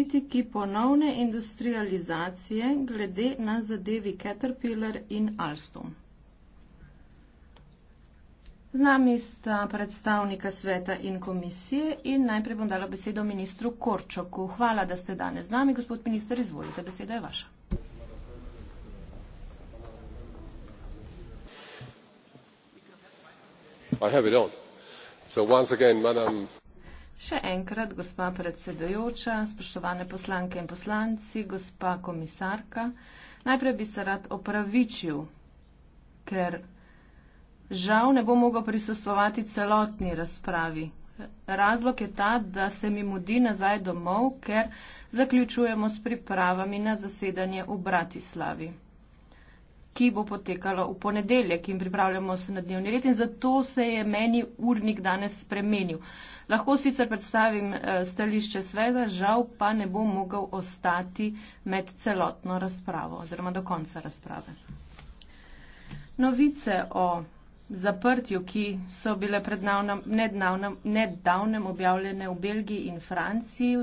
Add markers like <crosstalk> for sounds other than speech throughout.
niti ki ponovne industrializacije glede na zadevi Caterpillar in Alstom. Z nami sta predstavnika sveta in komisije in najprej bom dala besedo ministru Korčoku. Hvala, da ste danes z nami. Gospod minister, izvolite, beseda je vaša. I have it on. So once again, Madam Še enkrat, gospa predsedujoča, spoštovane poslanke in poslanci, gospa komisarka, najprej bi se rad opravičil, ker žal ne bo mogel prisustovati celotni razpravi. Razlog je ta, da se mi mudi nazaj domov, ker zaključujemo s pripravami na zasedanje v Bratislavi ki bo potekalo v ponedeljek in pripravljamo se na dnevni red in zato se je meni urnik danes spremenil. Lahko sicer predstavim eh, stališče svega, žal pa ne bom mogel ostati med celotno razpravo oziroma do konca razprave. Novice o zaprtju, ki so bile nedavnem objavljene v Belgiji in Franciji,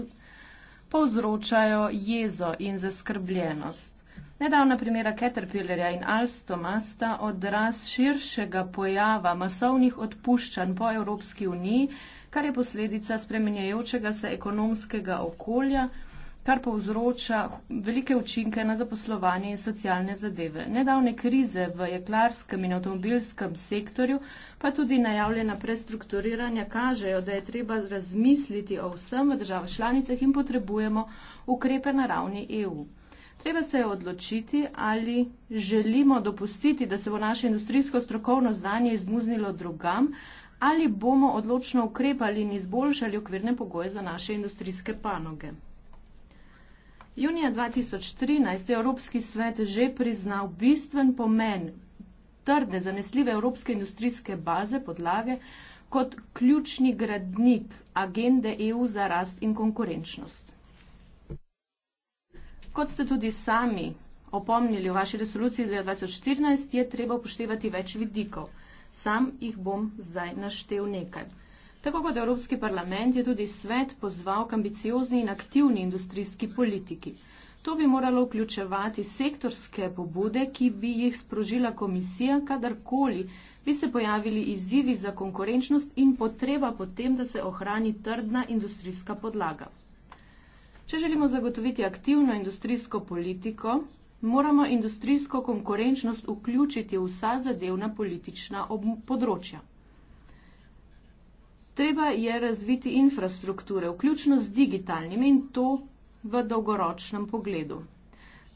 povzročajo jezo in zaskrbljenost. Nedavna primera Caterpillarja in Alstoma sta odraz širšega pojava masovnih odpuščanj po Evropski uniji, kar je posledica spremenjajočega se ekonomskega okolja, kar povzroča velike učinke na zaposlovanje in socialne zadeve. Nedavne krize v jeklarskem in avtomobilskem sektorju, pa tudi najavljena prestrukturiranja, kažejo, da je treba razmisliti o vsem v državah članicah in potrebujemo ukrepe na ravni EU. Treba se je odločiti, ali želimo dopustiti, da se bo naše industrijsko strokovno znanje izmuznilo drugam, ali bomo odločno ukrepali in izboljšali okvirne pogoje za naše industrijske panoge. Junija 2013 je Evropski svet že priznal bistven pomen trde, zanesljive Evropske industrijske baze podlage kot ključni gradnik agende EU za rast in konkurenčnost. Kot ste tudi sami opomnili v vaši resoluciji iz leta 2014, je treba upoštevati več vidikov. Sam jih bom zdaj naštel nekaj. Tako kot Evropski parlament je tudi svet pozval k ambiciozni in aktivni industrijski politiki. To bi moralo vključevati sektorske pobude, ki bi jih sprožila komisija, kadarkoli bi se pojavili izzivi za konkurenčnost in potreba potem, da se ohrani trdna industrijska podlaga. Če želimo zagotoviti aktivno industrijsko politiko, moramo industrijsko konkurenčnost vključiti v vsa zadevna politična področja. Treba je razviti infrastrukture, vključno z digitalnimi in to v dolgoročnem pogledu.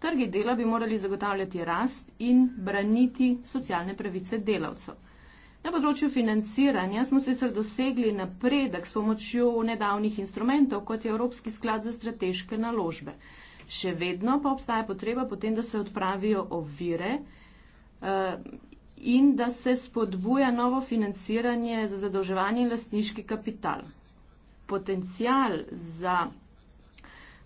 Trgi dela bi morali zagotavljati rast in braniti socialne pravice delavcev. Na področju financiranja smo sicer dosegli napredek s pomočjo nedavnih instrumentov, kot je Evropski sklad za strateške naložbe. Še vedno pa obstaja potreba potem, da se odpravijo ovire eh, in da se spodbuja novo financiranje za zadolževanje in lastniški kapital. Potencial za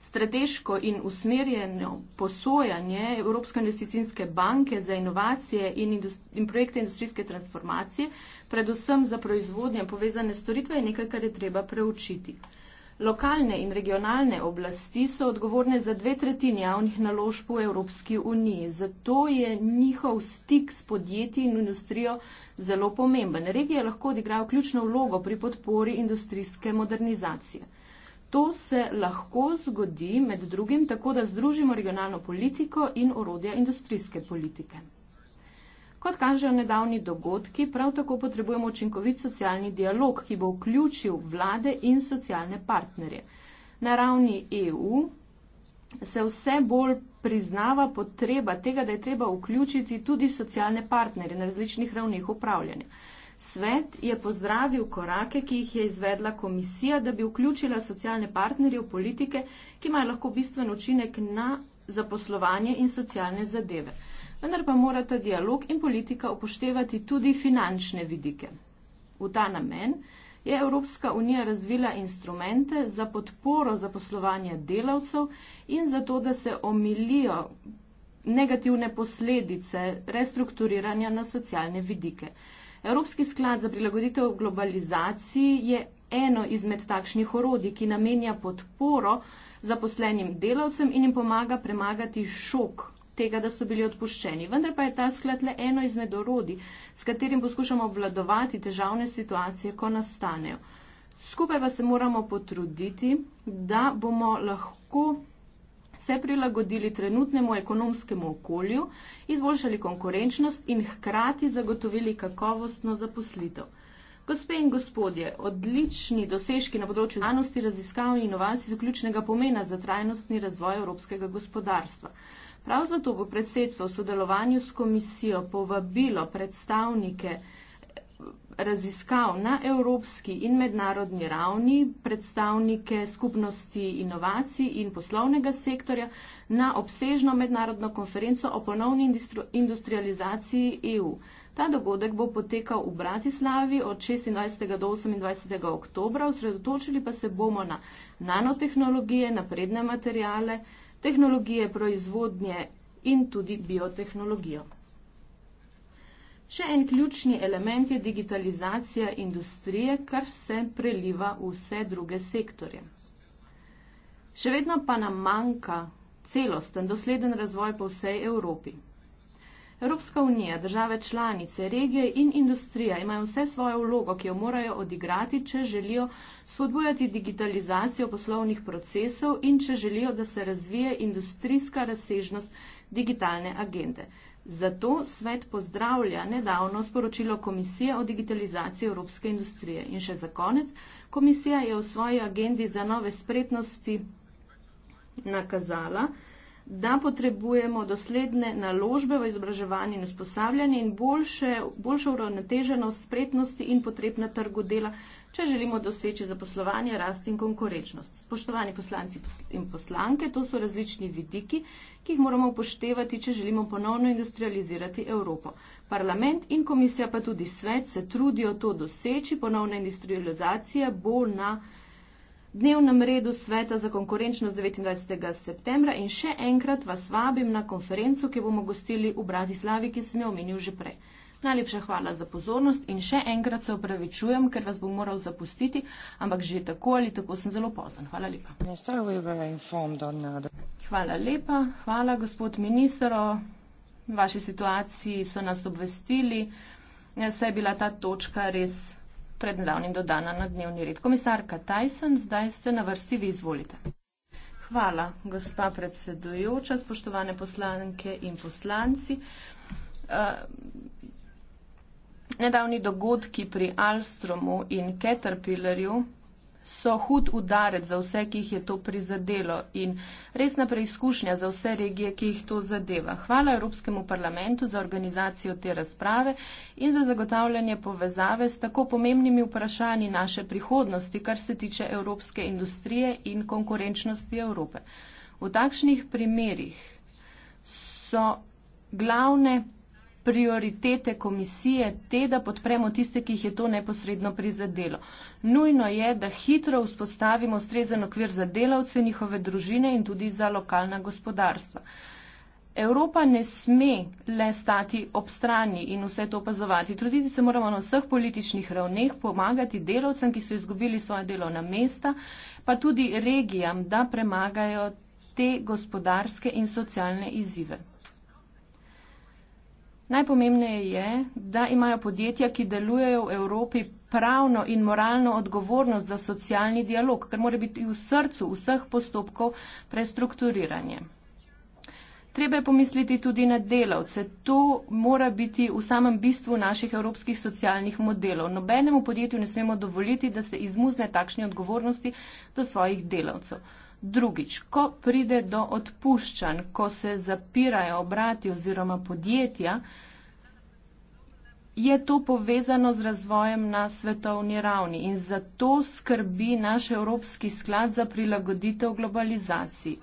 strateško in usmerjeno posojanje Evropske investicijske banke za inovacije in, industri in projekte industrijske transformacije, predvsem za proizvodnje povezane storitve, je nekaj, kar je treba preučiti. Lokalne in regionalne oblasti so odgovorne za dve tretjini javnih naložb v Evropski uniji, zato je njihov stik s podjetji in industrijo zelo pomemben. Regije lahko odigrajo ključno vlogo pri podpori industrijske modernizacije. To se lahko zgodi med drugim tako, da združimo regionalno politiko in orodja industrijske politike. Kot kažejo nedavni dogodki, prav tako potrebujemo učinkovit socialni dialog, ki bo vključil vlade in socialne partnerje. Na ravni EU se vse bolj priznava potreba tega, da je treba vključiti tudi socialne partnerje na različnih ravneh upravljanja. Svet je pozdravil korake, ki jih je izvedla komisija, da bi vključila socialne partnerje v politike, ki imajo lahko bistven učinek na zaposlovanje in socialne zadeve. Vendar pa morata dialog in politika upoštevati tudi finančne vidike. V ta namen je Evropska unija razvila instrumente za podporo zaposlovanja delavcev in za to, da se omilijo negativne posledice restrukturiranja na socialne vidike. Evropski sklad za prilagoditev globalizaciji je eno izmed takšnih orodij, ki namenja podporo zaposlenim delavcem in jim pomaga premagati šok tega, da so bili odpuščeni. Vendar pa je ta sklad le eno izmed orodij, s katerim poskušamo obvladovati težavne situacije, ko nastanejo. Skupaj pa se moramo potruditi, da bomo lahko se prilagodili trenutnemu ekonomskemu okolju, izboljšali konkurenčnost in hkrati zagotovili kakovostno zaposlitev. Gospe in gospodje, odlični dosežki na področju znanosti, raziskav in inovacij so ključnega pomena za trajnostni razvoj evropskega gospodarstva. Prav zato bo predsedstvo v sodelovanju s komisijo povabilo predstavnike raziskav na evropski in mednarodni ravni predstavnike skupnosti inovacij in poslovnega sektorja na obsežno mednarodno konferenco o ponovni industrializaciji EU. Ta dogodek bo potekal v Bratislavi od 26. do 28. oktobra, osredotočili pa se bomo na nanotehnologije, napredne materijale, tehnologije proizvodnje in tudi biotehnologijo. Še en ključni element je digitalizacija industrije, kar se preliva v vse druge sektorje. Še vedno pa nam manjka celosten, dosleden razvoj po vsej Evropi. Evropska unija, države članice, regije in industrija imajo vse svojo vlogo, ki jo morajo odigrati, če želijo spodbujati digitalizacijo poslovnih procesov in če želijo, da se razvije industrijska razsežnost digitalne agende. Zato svet pozdravlja nedavno sporočilo Komisije o digitalizaciji evropske industrije. In še za konec, komisija je v svoji agendi za nove spretnosti nakazala, da potrebujemo dosledne naložbe v izobraževanje in usposabljanje in boljše, boljšo uravnoteženost spretnosti in potreb na trgu dela, če želimo doseči zaposlovanje, rast in konkurenčnost. Spoštovani poslanci in poslanke, to so različni vidiki, ki jih moramo upoštevati, če želimo ponovno industrializirati Evropo. Parlament in komisija pa tudi svet se trudijo to doseči, ponovna industrializacija bo na dnevnem redu Sveta za konkurenčnost 29. septembra in še enkrat vas vabim na konferenco, ki bomo gostili v Bratislavi, ki sem jo omenil že prej. Najlepša hvala za pozornost in še enkrat se opravičujem, ker vas bom moral zapustiti, ampak že tako ali tako sem zelo pozan. Hvala lepa. Uh, hvala lepa, hvala gospod minister. O vaši situaciji so nas obvestili, ja, saj je bila ta točka res pred davnim dodana na dnevni red. Komisarka Tyson, zdaj ste na vrsti, vi izvolite. Hvala, gospa predsedujoča, spoštovane poslanke in poslanci. Eh, nedavni dogodki pri Alstromu in Caterpillarju so hud udarec za vse, ki jih je to prizadelo in resna preizkušnja za vse regije, ki jih to zadeva. Hvala Evropskemu parlamentu za organizacijo te razprave in za zagotavljanje povezave s tako pomembnimi vprašanji naše prihodnosti, kar se tiče evropske industrije in konkurenčnosti Evrope. V takšnih primerih so glavne prioritete komisije te, da podpremo tiste, ki jih je to neposredno prizadelo. Nujno je, da hitro vzpostavimo ustrezen okvir za delavce, njihove družine in tudi za lokalna gospodarstva. Evropa ne sme le stati ob strani in vse to opazovati. Truditi se moramo na vseh političnih ravneh, pomagati delavcem, ki so izgubili svoje delovna mesta, pa tudi regijam, da premagajo te gospodarske in socialne izzive. Najpomembneje je, da imajo podjetja, ki delujejo v Evropi, pravno in moralno odgovornost za socialni dialog, kar mora biti v srcu vseh postopkov prestrukturiranje. Treba je pomisliti tudi na delavce. To mora biti v samem bistvu naših evropskih socialnih modelov. Nobenemu podjetju ne smemo dovoliti, da se izmuzne takšne odgovornosti do svojih delavcev. Drugič, ko pride do odpuščanj, ko se zapirajo obrati oziroma podjetja, je to povezano z razvojem na svetovni ravni in zato skrbi naš Evropski sklad za prilagoditev globalizaciji.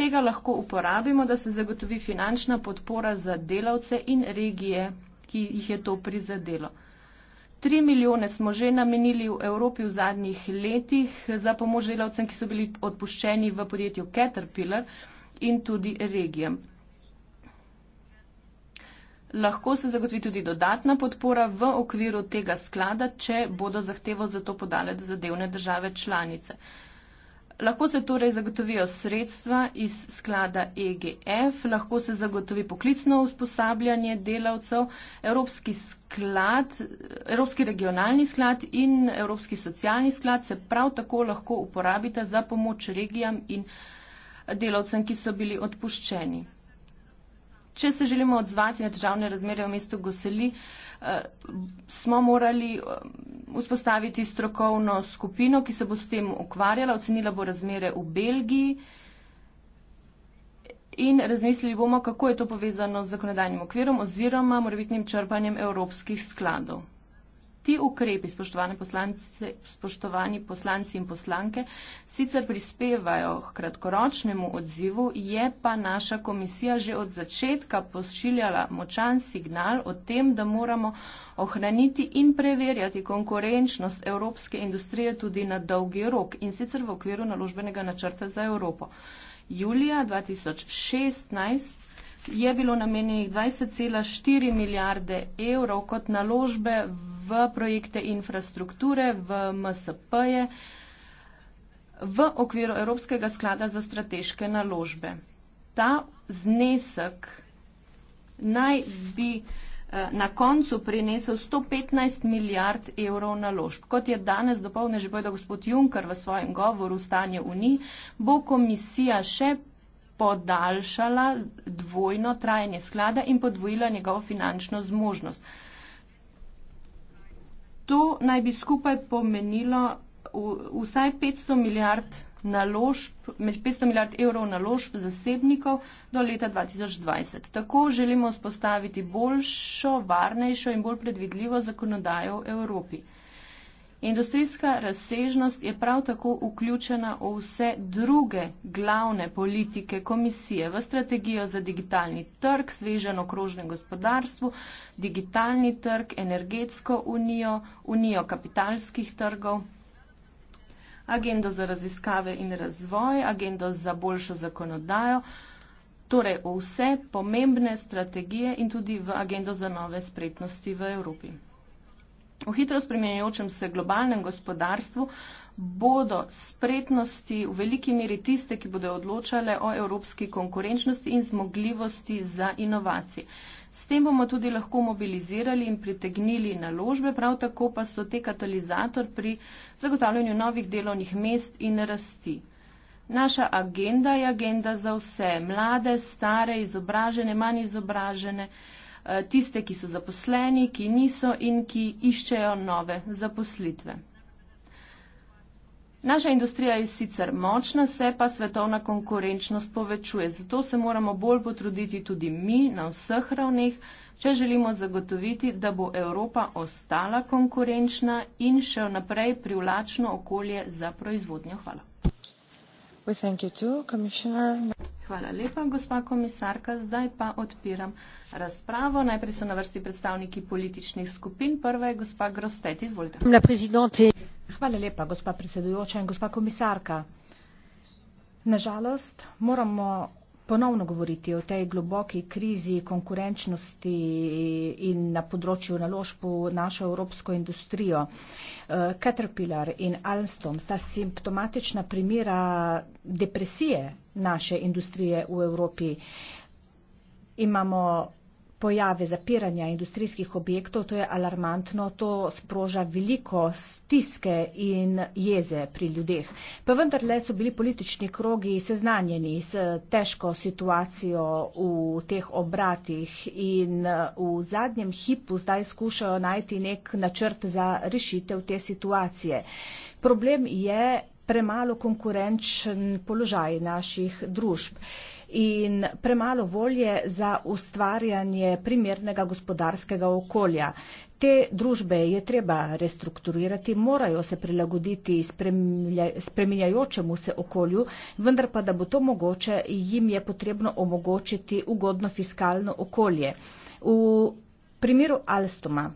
Tega lahko uporabimo, da se zagotovi finančna podpora za delavce in regije, ki jih je to prizadelo. Tri milijone smo že namenili v Evropi v zadnjih letih za pomoč delavcem, ki so bili odpuščeni v podjetju Caterpillar in tudi regijem. Lahko se zagotovi tudi dodatna podpora v okviru tega sklada, če bodo zahtevo za to podale zadevne države članice. Lahko se torej zagotovijo sredstva iz sklada EGF, lahko se zagotovi poklicno usposabljanje delavcev, Evropski sklad, Evropski regionalni sklad in Evropski socialni sklad se prav tako lahko uporabita za pomoč regijam in delavcem, ki so bili odpuščeni. Če se želimo odzvati na državne razmere v mestu Goseli, smo morali um, vzpostaviti strokovno skupino, ki se bo s tem ukvarjala, ocenila bo razmere v Belgiji in razmislili bomo, kako je to povezano z zakonodajnim okvirom oziroma morebitnim črpanjem evropskih skladov. Ti ukrepi, spoštovane poslance, spoštovani poslanci in poslanke, sicer prispevajo k kratkoročnemu odzivu, je pa naša komisija že od začetka pošiljala močan signal o tem, da moramo ohraniti in preverjati konkurenčnost evropske industrije tudi na dolgi rok in sicer v okviru naložbenega načrta za Evropo. Julija 2016 je bilo namenjenih 20,4 milijarde evrov kot naložbe v v projekte infrastrukture, v MSP-je, v okviru Evropskega sklada za strateške naložbe. Ta znesek naj bi eh, na koncu prinesel 115 milijard evrov naložb. Kot je danes dopolne že povedal gospod Juncker v svojem govoru v stanje Uniji, bo komisija še podaljšala dvojno trajanje sklada in podvojila njegovo finančno zmožnost. To naj bi skupaj pomenilo v, vsaj 500 milijard naložb, med 500 milijard evrov naložb zasebnikov do leta 2020. Tako želimo vzpostaviti boljšo, varnejšo in bolj predvidljivo zakonodajo v Evropi. Industrijska razsežnost je prav tako vključena v vse druge glavne politike komisije, v strategijo za digitalni trg, svežen okrožnem gospodarstvu, digitalni trg, energetsko unijo, unijo kapitalskih trgov, agendo za raziskave in razvoj, agendo za boljšo zakonodajo, torej vse pomembne strategije in tudi v agendo za nove spretnosti v Evropi. V hitro spremenjajočem se globalnem gospodarstvu bodo spretnosti v veliki meri tiste, ki bodo odločale o evropski konkurenčnosti in zmogljivosti za inovacije. S tem bomo tudi lahko mobilizirali in pritegnili naložbe, prav tako pa so te katalizator pri zagotavljanju novih delovnih mest in rasti. Naša agenda je agenda za vse, mlade, stare, izobražene, manj izobražene. Eh, tiste, ki so zaposleni, ki niso in ki iščejo nove zaposlitve. Naša industrija je sicer močna, se pa svetovna konkurenčnost povečuje, zato se moramo bolj potruditi tudi mi na vseh ravneh, če želimo zagotoviti, da bo Evropa ostala konkurenčna in še naprej privlačno okolje za proizvodnjo. Hvala. We thank you too, Hvala lepa, gospa komisarka. Zdaj pa odpiram razpravo. Najprej so na vrsti predstavniki političnih skupin. Prva je gospa Grostet. Izvolite. Hvala lepa, gospa predsedujoča in gospa komisarka. Nažalost, moramo ponovno govoriti o tej globoki krizi konkurenčnosti in na področju naložb v našo evropsko industrijo. Eh, Caterpillar in Alstom sta simptomatična primera depresije naše industrije v Evropi. Imamo pojave zapiranja industrijskih objektov, to je alarmantno, to sproža veliko stiske in jeze pri ljudeh. Pa vendarle so bili politični krogi seznanjeni s težko situacijo v teh obratih in v zadnjem hipu zdaj skušajo najti nek načrt za rešitev te situacije. Problem je premalo konkurenčen položaj naših družb in premalo volje za ustvarjanje primernega gospodarskega okolja. Te družbe je treba restrukturirati, morajo se prilagoditi spreminjajočemu se okolju, vendar pa, da bo to mogoče, jim je potrebno omogočiti ugodno fiskalno okolje. V primeru Alstoma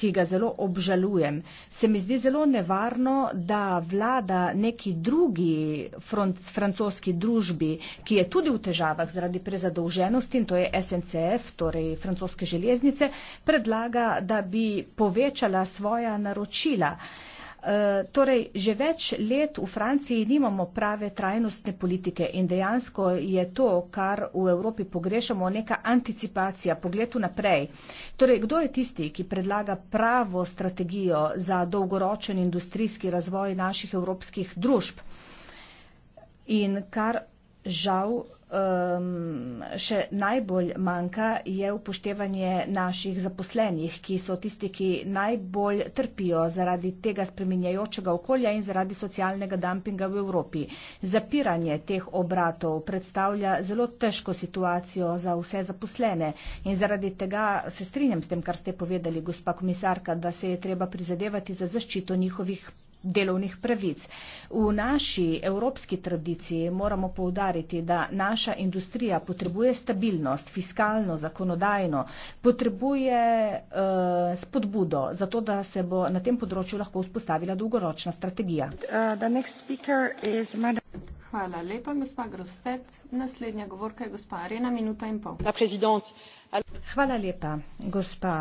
ki ga zelo obžalujem. Se mi zdi zelo nevarno, da vlada neki drugi front, francoski družbi, ki je tudi v težavah zaradi prezadolženosti in to je SNCF, torej francoske železnice, predlaga, da bi povečala svoja naročila. Eh, torej že več let v Franciji nimamo prave trajnostne politike in dejansko je to, kar v Evropi pogrešamo, neka anticipacija, pogled naprej. Torej, kdo je tisti, ki predlaga pravo strategijo za dolgoročen industrijski razvoj naših evropskih družb? In kar žal um, še najbolj manjka, je upoštevanje naših zaposlenih, ki so tisti, ki najbolj trpijo zaradi tega spreminjajočega okolja in zaradi socialnega dumpinga v Evropi. Zapiranje teh obratov predstavlja zelo težko situacijo za vse zaposlene in zaradi tega se strinjam s tem, kar ste povedali, gospa komisarka, da se je treba prizadevati za zaščito njihovih delovnih pravic. V naši evropski tradiciji moramo poudariti, da naša industrija potrebuje stabilnost, fiskalno, zakonodajno, potrebuje uh, spodbudo, zato da se bo na tem področju lahko vzpostavila dolgoročna strategija. Uh, Hvala lepa, gospa Grostet. Naslednja govorka je gospa Arena, minuta in pol. Hvala lepa, gospa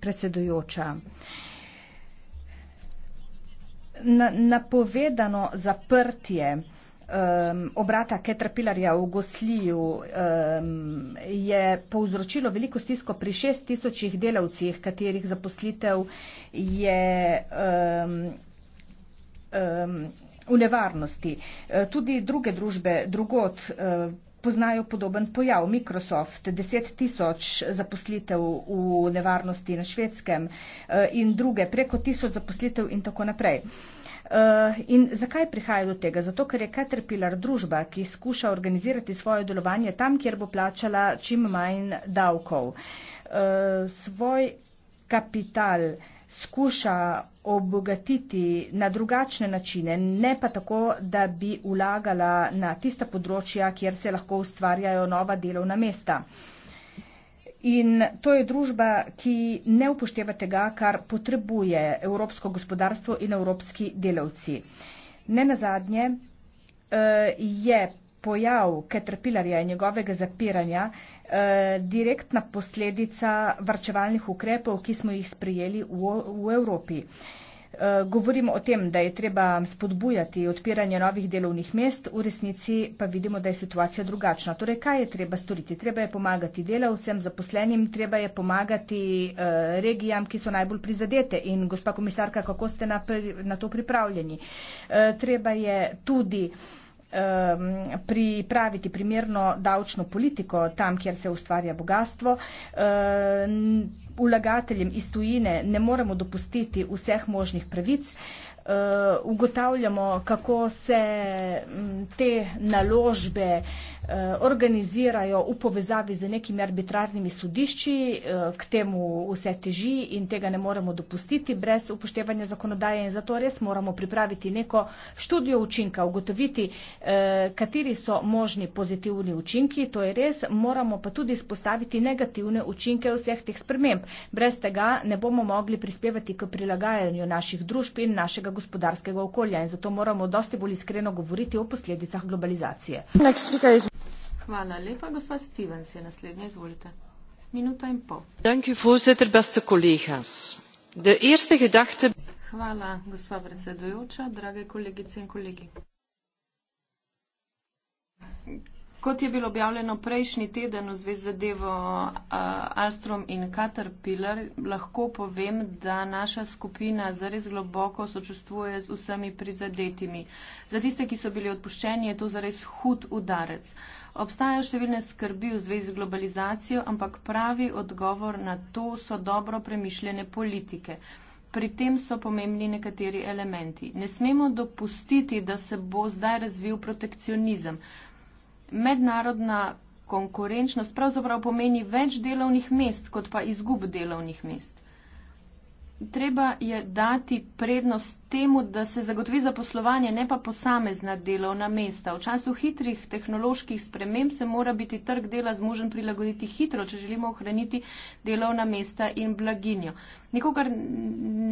predsedujoča na, napovedano zaprtje um, obrata Caterpillarja v Gosliju um, je povzročilo veliko stisko pri šest tisočih delavcih, katerih zaposlitev je. Um, um, V nevarnosti. Uh, tudi druge družbe, drugot uh, poznajo podoben pojav. Microsoft, 10 tisoč zaposlitev v nevarnosti na švedskem eh, in druge, preko tisoč zaposlitev in tako naprej. Eh, in zakaj prihaja do tega? Zato, ker je Caterpillar družba, ki skuša organizirati svoje delovanje tam, kjer bo plačala čim manj davkov. Eh, svoj kapital skuša obogatiti na drugačne načine, ne pa tako, da bi vlagala na tista področja, kjer se lahko ustvarjajo nova delovna mesta. In to je družba, ki ne upošteva tega, kar potrebuje evropsko gospodarstvo in evropski delavci. Ne nazadnje eh, je pojav Caterpillarja in njegovega zapiranja eh, direktna posledica varčevalnih ukrepov, ki smo jih sprejeli v, v Evropi. Eh, govorimo o tem, da je treba spodbujati odpiranje novih delovnih mest, v resnici pa vidimo, da je situacija drugačna. Torej, kaj je treba storiti? Treba je pomagati delavcem, zaposlenim, treba je pomagati eh, regijam, ki so najbolj prizadete. In, gospa komisarka, kako ste na, na to pripravljeni? Treba je tudi um, pripraviti primerno davčno politiko tam, kjer se ustvarja bogatstvo. Um, Ulagateljem iz tujine ne moremo dopustiti vseh možnih pravic. Uh, uh, ugotavljamo, kako se m, mm, te naložbe uh, organizirajo v povezavi z nekimi arbitrarnimi sodišči, uh, k temu vse teži in tega ne moremo dopustiti brez upoštevanja zakonodaje in zato res moramo pripraviti neko študijo učinka, ugotoviti, uh, kateri so možni pozitivni učinki, to je res, moramo pa tudi spostaviti negativne učinke vseh teh sprememb. Brez tega ne bomo mogli prispevati k prilagajanju naših družb in našega gospodarstva gospodarskega okolja in zato moramo dosti bolj iskreno govoriti o posledicah globalizacije. Hvala lepa, gospa Stevens, je naslednja, izvolite. Minuta in pol. Hvala, gospa predsedujoča, drage kolegice in kolegi. Kot je bilo objavljeno prejšnji teden v zvezi z zadevo uh, Alstrom in Caterpillar, lahko povem, da naša skupina zares globoko sočustvuje z vsemi prizadetimi. Za tiste, ki so bili odpuščeni, je to zares hud udarec. Obstajajo številne skrbi v zvezi z globalizacijo, ampak pravi odgovor na to so dobro premišljene politike. Pri tem so pomembni nekateri elementi. Ne smemo dopustiti, da se bo zdaj razvil protekcionizem mednarodna konkurenčnost pravzaprav pomeni več delovnih mest, kot pa izgub delovnih mest? treba je dati prednost temu, da se zagotovi zaposlovanje, ne pa posamezna delovna mesta. V času hitrih tehnoloških sprememb se mora biti trg dela zmožen prilagoditi hitro, če želimo ohraniti delovna mesta in blaginjo. Nikogar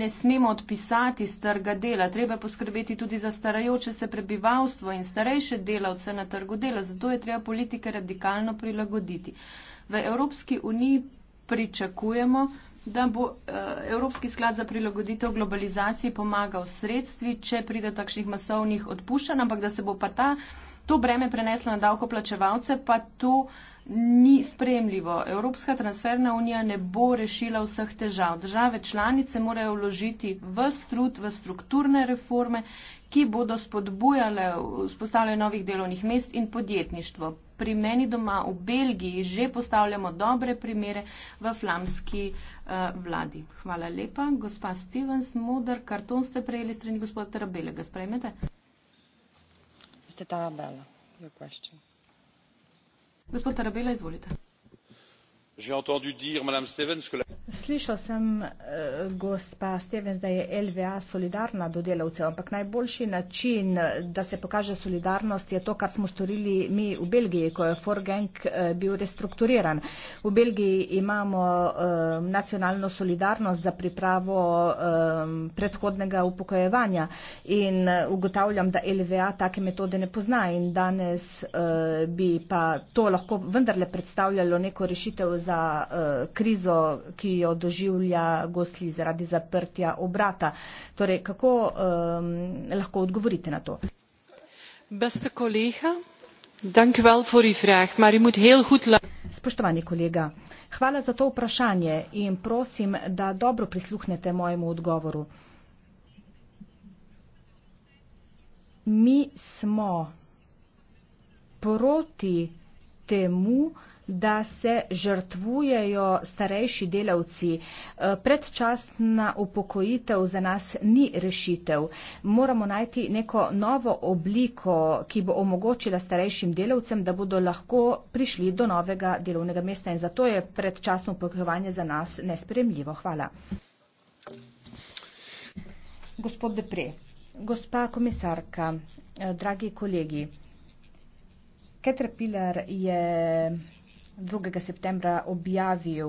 ne smemo odpisati z trga dela, treba poskrbeti tudi za starajoče se prebivalstvo in starejše delavce na trgu dela, zato je treba politike radikalno prilagoditi. V Evropski uniji pričakujemo, da bo uh, Evropski sklad za prilagoditev globalizaciji pomagal sredstvi, če pride do takšnih masovnih odpuščanj, ampak da se bo pa ta, to breme preneslo na davkoplačevalce, pa to ni spremljivo. Evropska transferna unija ne bo rešila vseh težav. Države članice morajo vložiti v strud, v strukturne reforme, ki bodo spodbujale vzpostavljanje novih delovnih mest in podjetništvo pri meni doma v Belgiji že postavljamo dobre primere v flamski uh, vladi. Hvala lepa. Gospa Stevens, moder karton ste prejeli strani gospoda Terabelega. Sprejmete? Gospod Terabela, izvolite. Slišal sem, eh, gospa Stevens, da je LVA solidarna do delavcev, ampak najboljši način, da se pokaže solidarnost, je to, kar smo storili mi v Belgiji, ko je Forgeng eh, bil restrukturiran. V Belgiji imamo eh, nacionalno solidarnost za pripravo predhodnega upokojevanja in ugotavljam, da LVA take metode ne pozna in danes bi pa to lahko vendarle predstavljalo neko rešitev za za uh, krizo, ki jo doživlja gostli zaradi zaprtja obrata. Torej, kako um, lahko odgovorite na to? Beste kolega, dank vel for i vrah, mar imut heel hud la. Spoštovani kolega, hvala za to vprašanje in prosim, da dobro prisluhnete mojemu odgovoru. Mi smo proti temu, da se žrtvujejo starejši delavci. Eh, predčasna upokojitev za nas ni rešitev. Moramo najti neko novo obliko, ki bo omogočila starejšim delavcem, da bodo lahko prišli do novega delovnega mesta in zato je predčasno upokojevanje za nas nespremljivo. Hvala. Gospod Depre, gospa komisarka, eh, dragi kolegi, Caterpillar je 2. septembra objavil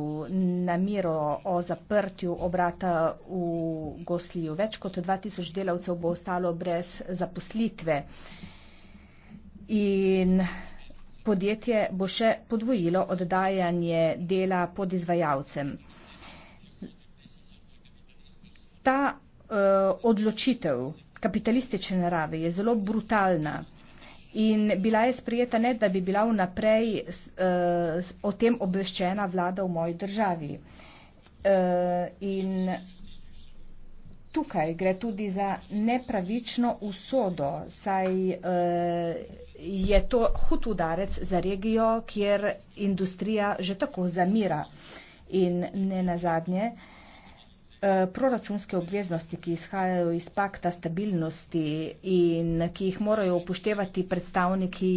namero o zaprtju obrata v Gosliju. Več kot 2000 delavcev bo ostalo brez zaposlitve in podjetje bo še podvojilo oddajanje dela pod izvajalcem. Ta uh, odločitev kapitalistične narave je zelo brutalna. In bila je sprejeta ne, da bi bila vnaprej uh, o tem obveščena vlada v moji državi. Uh, in tukaj gre tudi za nepravično usodo, saj uh, je to hud udarec za regijo, kjer industrija že tako zamira. In ne nazadnje, uh, Eh, proračunske obveznosti, ki izhajajo iz pakta stabilnosti in ki jih morajo upoštevati predstavniki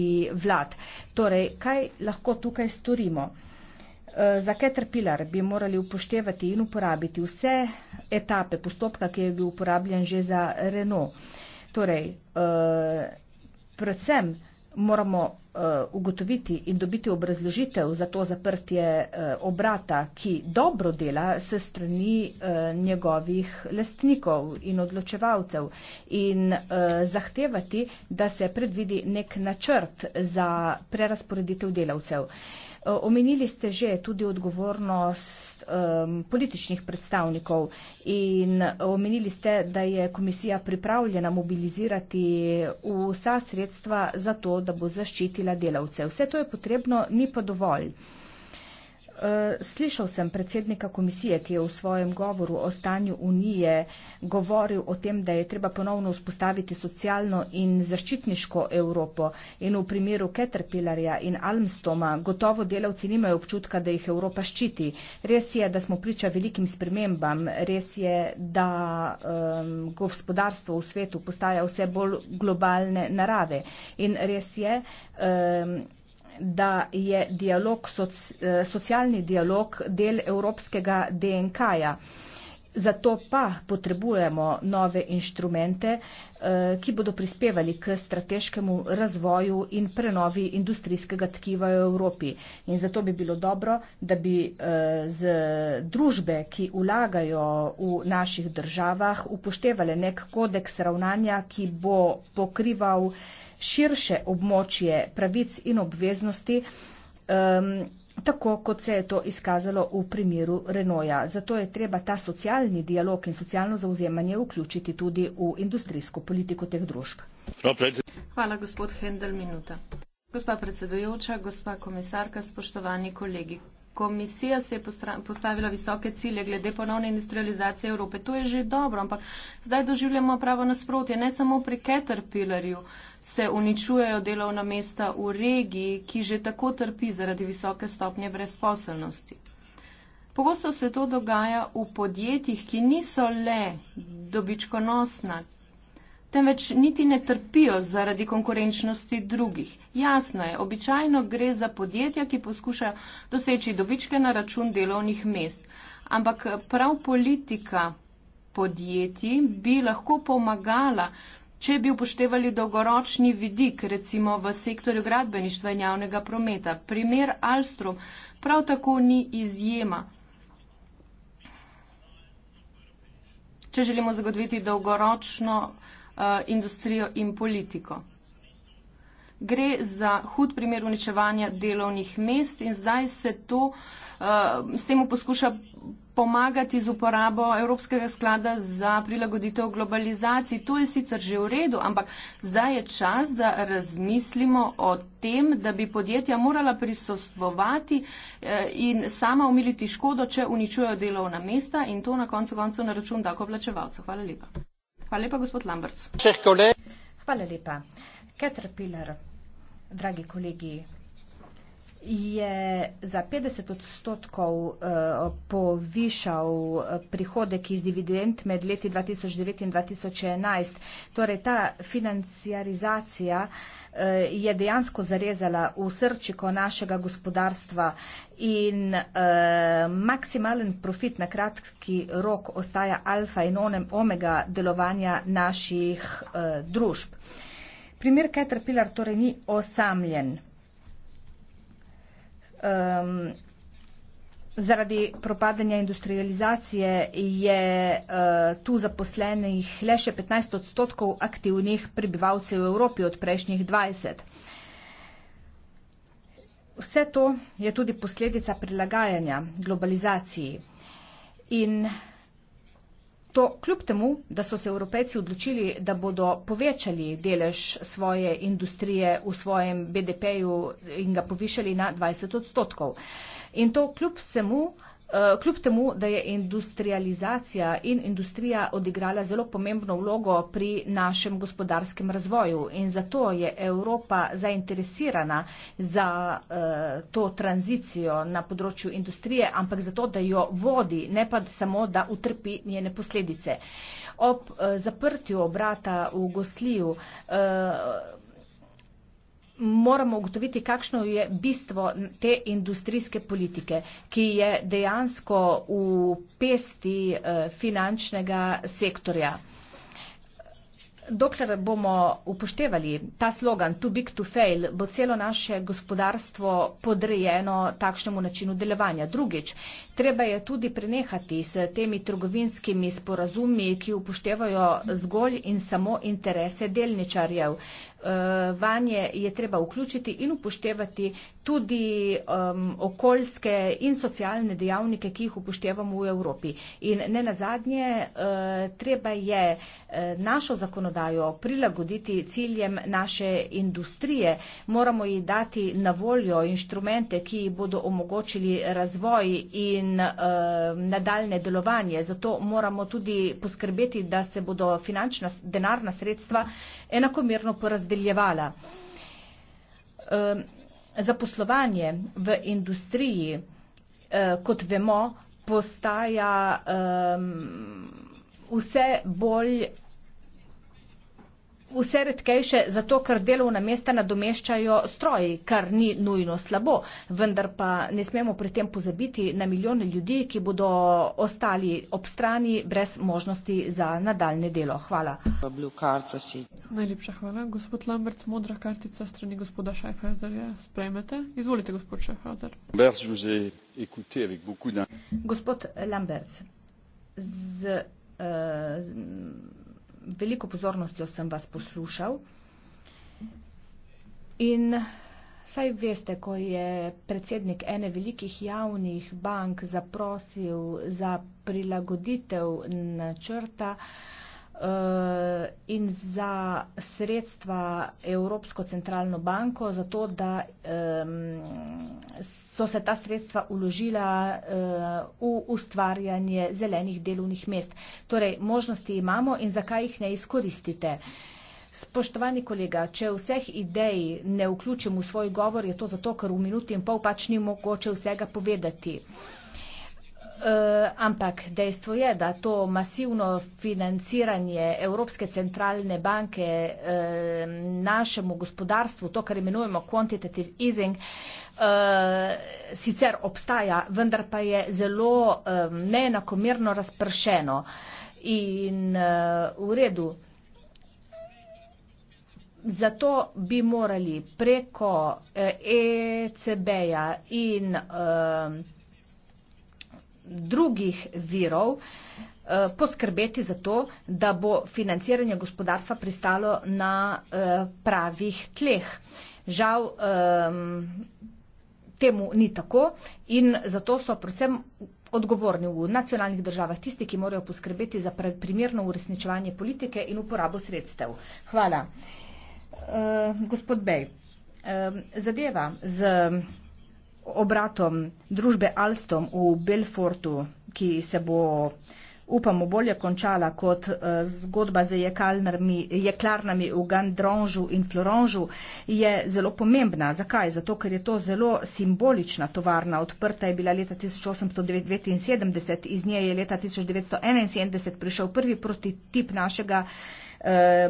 vlad. Torej, kaj lahko tukaj storimo? Eh, za Caterpillar bi morali upoštevati in uporabiti vse etape postopka, ki je bil uporabljen že za Renault. Torej, eh, predvsem moramo Eh, ugotoviti in dobiti obrazložitev za to zaprtje eh, obrata, ki dobro dela se strani eh, njegovih lastnikov in odločevalcev in zahtevati, da se predvidi nek načrt za prerasporeditev delavcev. Omenili ste že tudi odgovornost um, političnih predstavnikov in omenili ste, da je komisija pripravljena mobilizirati vsa sredstva za to, da bo zaščitila delavce. Vse to je potrebno, ni pa dovolj. Eh, slišal sem predsednika komisije, ki je v svojem govoru o stanju Unije govoril o tem, da je treba ponovno vzpostaviti socialno in zaščitniško Evropo. In v primeru Caterpillarja in Almstoma gotovo delavci nimajo občutka, da jih Evropa ščiti. Res je, da smo priča velikim spremembam, res je, da um, gospodarstvo v svetu postaja vse bolj globalne narave. In res je, um, da je dialog, soc, eh, socialni dialog del evropskega DNK-ja. Zato pa potrebujemo nove inštrumente, eh, ki bodo prispevali k strateškemu razvoju in prenovi industrijskega tkiva v Evropi. In zato bi bilo dobro, da bi eh, z družbe, ki vlagajo v naših državah, upoštevali nek kodeks ravnanja, ki bo pokrival širše območje pravic in obveznosti, um, tako kot se je to izkazalo v primeru Renoja. Zato je treba ta socialni dialog in socialno zauzemanje vključiti tudi v industrijsko politiko teh družb. Hvala, gospod Hendel, minuta. Gospa predsedujoča, gospa komisarka, spoštovani kolegi komisija se je postavila visoke cilje glede ponovne industrializacije Evrope. To je že dobro, ampak zdaj doživljamo pravo nasprotje. Ne samo pri Caterpillarju se uničujejo delovna mesta v regiji, ki že tako trpi zaradi visoke stopnje brezposelnosti. Pogosto se to dogaja v podjetjih, ki niso le dobičkonosna, temveč niti ne trpijo zaradi konkurenčnosti drugih. Jasno je, običajno gre za podjetja, ki poskušajo doseči dobičke na račun delovnih mest. Ampak prav politika podjetji bi lahko pomagala, če bi upoštevali dolgoročni vidik, recimo v sektorju gradbeništva in javnega prometa. Primer Alstrom prav tako ni izjema. Če želimo zagotoviti dolgoročno Eh, industrijo in politiko. Gre za hud primer uničevanja delovnih mest in zdaj se to, eh, s temu poskuša pomagati z uporabo Evropskega sklada za prilagoditev globalizaciji. To je sicer že v redu, ampak zdaj je čas, da razmislimo o tem, da bi podjetja morala prisostvovati eh, in sama umiliti škodo, če uničujejo delovna mesta in to na koncu koncu na račun davkoplačevalcev. Hvala lepa. Hvala lepa, gospod Lamberts. Hvala lepa. Caterpillar, dragi kolegi, je za 50 odstotkov eh, povišal eh, prihodek iz dividend med leti 2009 in 2011. Torej, ta financiarizacija eh, je dejansko zarezala v srčiko našega gospodarstva in maksimalen profit na kratki rok ostaja alfa in omega delovanja naših družb. Primer Caterpillar torej ni osamljen um, zaradi propadanja industrializacije je uh, tu zaposlenih le še 15 odstotkov aktivnih prebivalcev v Evropi od prejšnjih 20. Vse to je tudi posledica prilagajanja globalizaciji. In To kljub temu, da so se evropejci odločili, da bodo povečali delež svoje industrije v svojem BDP-ju in ga povišali na 20 odstotkov. In to kljub vsemu, Eh, kljub temu, da je industrializacija in industrija odigrala zelo pomembno vlogo pri našem gospodarskem razvoju in zato je Evropa zainteresirana za uh, to tranzicijo na področju industrije, ampak zato, da jo vodi, ne pa samo, da utrpi njene posledice. Ob uh, zaprtju obrata v Gosliju uh, moramo ugotoviti, kakšno je bistvo te industrijske politike, ki je dejansko v pesti eh, finančnega sektorja. Dokler bomo upoštevali ta slogan too big to fail, bo celo naše gospodarstvo podrejeno takšnemu načinu delovanja. Drugič, treba je tudi prenehati s temi trgovinskimi sporazumi, ki upoštevajo zgolj in samo interese delničarjev. Eh, vanje je treba vključiti in upoštevati tudi um, okoljske in socialne dejavnike, ki jih upoštevamo v Evropi. In ne nazadnje, uh, treba je uh, našo zakonodajo zakonodajo prilagoditi ciljem naše industrije, moramo ji dati na voljo inštrumente, ki bodo omogočili razvoj in e, eh, nadaljne delovanje. Zato moramo tudi poskrbeti, da se bodo finančna, denarna sredstva enakomerno porazdeljevala. E, zaposlovanje v industriji, e, kot vemo, postaja um, vse bolj vse redkejše, zato ker delovna mesta nadomeščajo stroji, kar ni nujno slabo. Vendar pa ne smemo pri tem pozabiti na milijone ljudi, ki bodo ostali ob strani brez možnosti za nadaljne delo. Hvala. Najlepša hvala. Gospod Lambert, modra kartica strani gospoda Šajfazarja. Sprejmete? Izvolite, gospod Šajfazar. Gospod Lambert, z, uh, z veliko pozornostjo sem vas poslušal. In saj veste, ko je predsednik ene velikih javnih bank zaprosil za prilagoditev načrta, uh, Eh, in za sredstva Evropsko centralno banko, zato da um, so se ta sredstva uložila uh, v ustvarjanje zelenih delovnih mest. Torej, možnosti imamo in zakaj jih ne izkoristite? Spoštovani kolega, če vseh idej ne vključim v svoj govor, je to zato, ker v minuti in pol pač ni mogoče vsega povedati. Uh, Eh, ampak dejstvo je, da to masivno financiranje Evropske centralne banke uh, našemu gospodarstvu, to, kar imenujemo quantitative easing, Uh, sicer obstaja, vendar pa je zelo um, neenakomerno razpršeno in uh, v redu. Zato bi morali preko uh, ECB-ja in uh, drugih virov eh, poskrbeti za to, da bo financiranje gospodarstva pristalo na eh, pravih tleh. Žal temu ni tako in zato so predvsem odgovorni v nacionalnih državah tisti, ki morajo poskrbeti za primerno uresničevanje politike in uporabo sredstev. Hvala. Eh, gospod Bej, zadeva z obratom družbe Alstom v Belfortu, ki se bo, upamo, bolje končala kot eh, zgodba z jeklarnami v Gandronžu in Florenžu, je zelo pomembna. Zakaj? Zato, ker je to zelo simbolična tovarna. Odprta je bila leta 1879, iz nje je leta 1971 prišel prvi prototip našega Eh,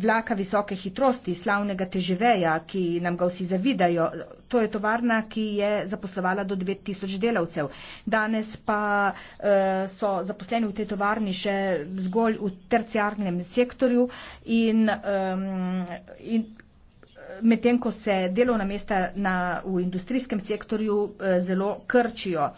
vlaka visoke hitrosti, slavnega teževeja, ki nam ga vsi zavidajo. To je tovarna, ki je zaposlovala do 2000 delavcev. Danes pa eh, so zaposleni v tej tovarni še zgolj v terciarnem sektorju in, in medtem, ko se delovna mesta na, v industrijskem sektorju eh, zelo krčijo.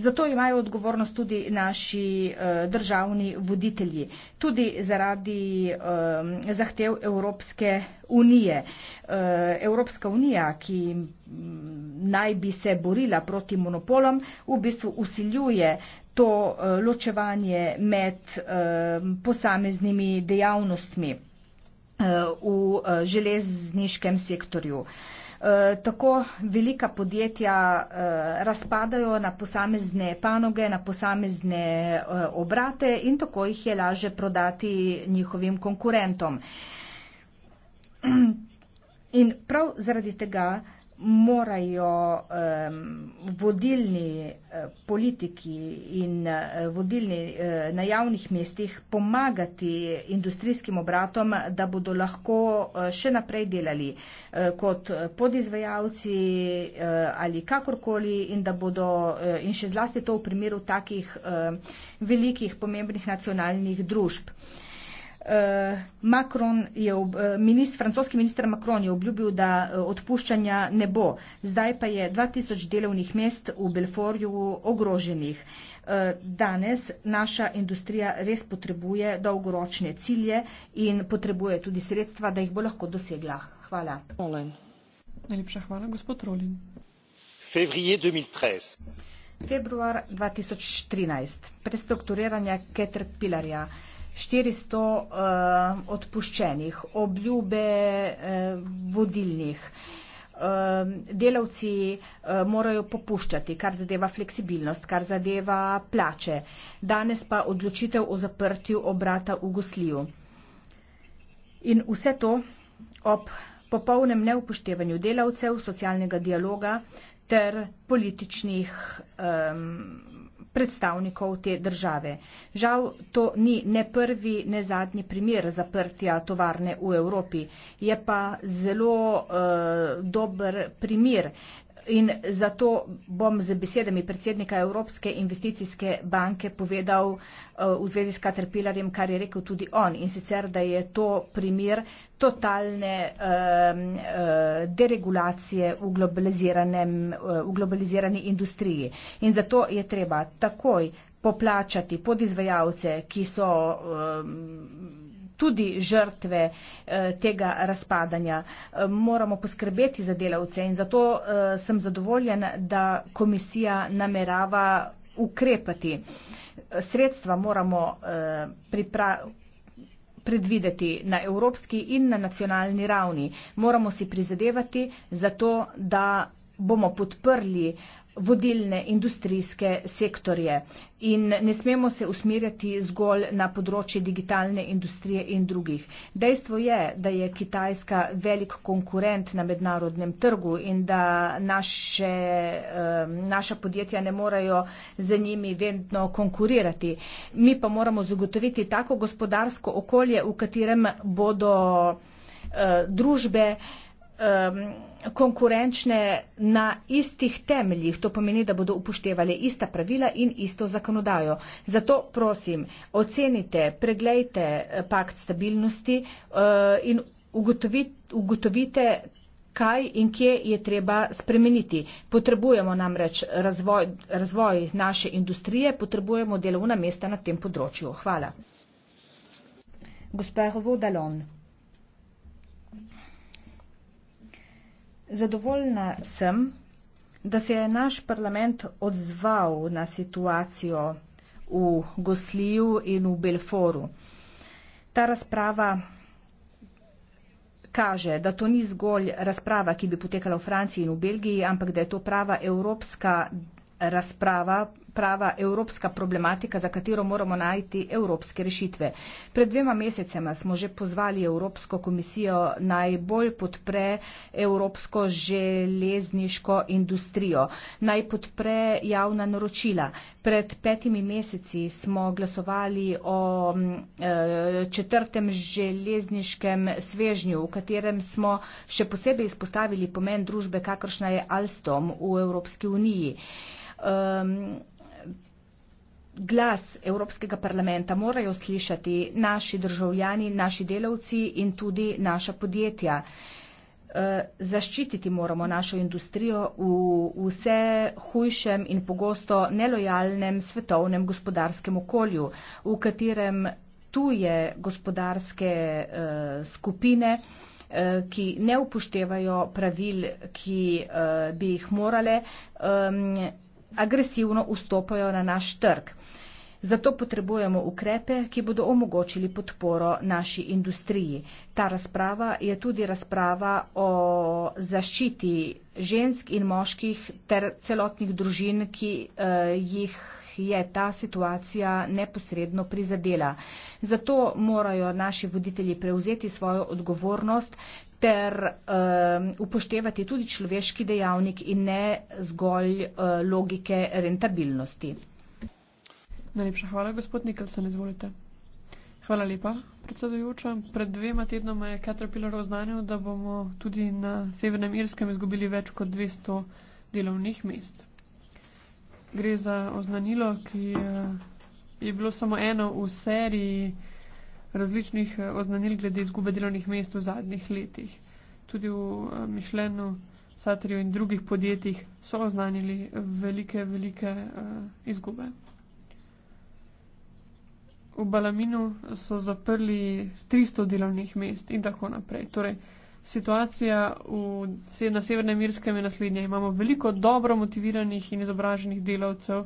Zato imajo odgovornost tudi naši eh, državni voditelji, tudi zaradi eh, zahtev Evropske unije. Eh, Evropska unija, ki mm, naj bi se borila proti monopolom, v bistvu usiljuje to ločevanje med posameznimi dejavnostmi. Eh, v eh, železniškem sektorju. Eh, tako velika podjetja razpadajo na posamezne panoge, na posamezne obrate in tako jih je laže prodati njihovim konkurentom. <clears throat> In prav zaradi tega morajo eh, vodilni eh, politiki in eh, vodilni eh, na javnih mestih pomagati industrijskim obratom, da bodo lahko eh, še naprej delali eh, kot podizvajalci eh, ali kakorkoli in da bodo eh, in še zlasti to v primeru takih eh, velikih pomembnih nacionalnih družb. Eh, Eh, Macron je, eh, minist, francoski minister Macron je obljubil, da eh, odpuščanja ne bo. Zdaj pa je 2000 delovnih mest v Belforju ogroženih. Danes naša industrija res potrebuje dolgoročne cilje in potrebuje tudi sredstva, da jih bo lahko dosegla. Hvala. Najlepša hvala, gospod Rolin. Februar 2013. Prestrukturiranje Caterpillarja. 400 uh, eh, odpuščenih, obljube uh, vodilnih. Eh, delavci morajo popuščati, kar zadeva fleksibilnost, kar zadeva plače. Danes pa odločitev o zaprtju obrata v Gosliju. In vse to ob popolnem neupoštevanju delavcev, socialnega dialoga ter političnih um, predstavnikov te države. Žal to ni ne prvi, ne zadnji primer zaprtja tovarne v Evropi. Je pa zelo uh, dober primer. In zato bom z besedami predsednika Evropske investicijske banke povedal eh, v zvezi s Caterpillarjem, kar je rekel tudi on. In sicer, da je to primer totalne eh, deregulacije v, eh, v globalizirani industriji. In zato je treba takoj poplačati podizvajalce, ki so. Um, tudi žrtve eh, tega razpadanja. Eh, moramo poskrbeti za delavce in zato eh, sem zadovoljen, da komisija namerava ukrepati. Sredstva moramo predvideti na evropski in na nacionalni ravni. Moramo si prizadevati za to, da bomo podprli uh, vodilne industrijske sektorje in ne smemo se usmirjati zgolj na področje digitalne industrije in drugih. Dejstvo je, da je Kitajska velik konkurent na mednarodnem trgu in da naše, eh, naša podjetja ne morejo z njimi vedno konkurirati. Mi pa moramo zagotoviti tako gospodarsko okolje, v katerem bodo eh, družbe um, konkurenčne na istih temeljih. To pomeni, da bodo upoštevali ista pravila in isto zakonodajo. Zato prosim, ocenite, preglejte eh, pakt stabilnosti uh, in ugotovite, ugotovite kaj in kje je treba spremeniti. Potrebujemo namreč razvoj, razvoj naše industrije, potrebujemo delovna mesta na tem področju. Hvala. Gospod Vodalon. Zadovoljna sem, da se je naš parlament odzval na situacijo v Gosliju in v Belforu. Ta razprava kaže, da to ni zgolj razprava, ki bi potekala v Franciji in v Belgiji, ampak da je to prava evropska razprava prava evropska problematika, za katero moramo najti evropske rešitve. Pred dvema mesecema smo že pozvali Evropsko komisijo najbolj podpre evropsko železniško industrijo, naj podpre javna naročila. Pred petimi meseci smo glasovali o mm, eh, četrtem železniškem svežnju, v katerem smo še posebej izpostavili pomen družbe, kakršna je Alstom v Evropski uniji um, glas Evropskega parlamenta morajo slišati naši državljani, naši delavci in tudi naša podjetja. Uh, zaščititi moramo našo industrijo v vse hujšem in pogosto nelojalnem svetovnem gospodarskem okolju, v katerem tuje gospodarske uh, skupine, uh, ki ne upoštevajo pravil, ki bi jih morale, um, agresivno vstopajo na naš trg. Zato potrebujemo ukrepe, ki bodo omogočili podporo naši industriji. Ta razprava je tudi razprava o zaščiti žensk in moških ter celotnih družin, ki eh, jih je ta situacija neposredno prizadela. Zato morajo naši voditelji prevzeti svojo odgovornost, ter um, upoštevati tudi človeški dejavnik in ne zgolj uh, logike rentabilnosti. Najlepša hvala, gospod Nikolson, izvolite. Hvala lepa, predsedujoča. Pred dvema tednoma je Caterpillar oznanil, da bomo tudi na Severnem Irskem izgubili več kot 200 delovnih mest. Gre za oznanilo, ki eh, je bilo samo eno v seriji različnih eh, oznanil glede izgube delovnih mest v zadnjih letih. Tudi v eh, Mišlenu, Satriju in drugih podjetjih so oznanili velike, velike eh, izgube. V Balaminu so zaprli 300 delovnih mest in tako naprej. Torej, situacija v, na Severnem Irskem je naslednja. Imamo veliko dobro motiviranih in izobraženih delavcev,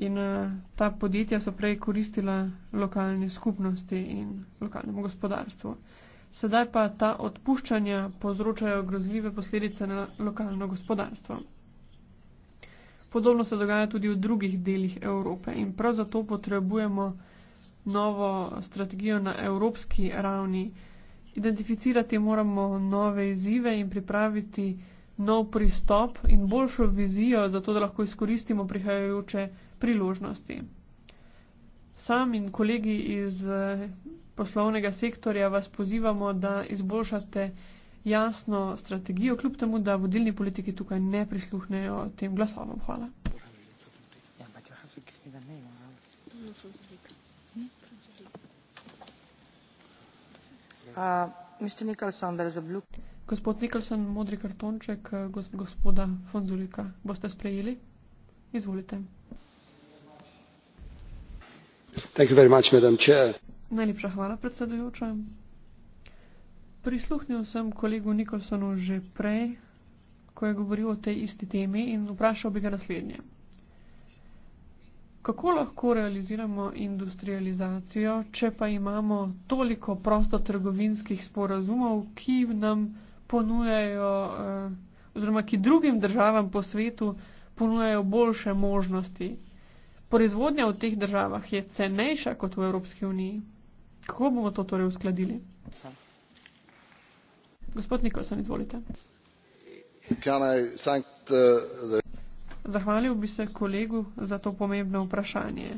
In uh, ta podjetja so prej koristila lokalni skupnosti in lokalnemu gospodarstvu. Sedaj pa ta odpuščanja povzročajo grozljive posledice na lokalno gospodarstvo. Podobno se dogaja tudi v drugih delih Evrope in prav zato potrebujemo novo strategijo na evropski ravni. Identificirati moramo nove izzive in pripraviti nov pristop in boljšo vizijo, zato da lahko izkoristimo prihajajoče priložnosti. Sam in kolegi iz eh, poslovnega sektorja vas pozivamo, da izboljšate jasno strategijo, kljub temu, da vodilni politiki tukaj ne prisluhnejo tem glasovom. Hvala. Uh, Gospod Nikolson, modri kartonček eh, gospoda Fonzulika, boste sprejeli? Izvolite. Najlepša hvala, predsedujoča. Prisluhnil sem kolegu Nikolsonu že prej, ko je govoril o tej isti temi in vprašal bi ga naslednje. Kako lahko realiziramo industrializacijo, če pa imamo toliko prostotrgovinskih sporazumov, ki nam ponujajo, eh, oziroma ki drugim državam po svetu ponujajo boljše možnosti proizvodnja v teh državah je cenejša kot v Evropski uniji. Kako bomo to torej uskladili? Gospod Nikolson, izvolite. Zahvalil bi se kolegu za to pomembno vprašanje.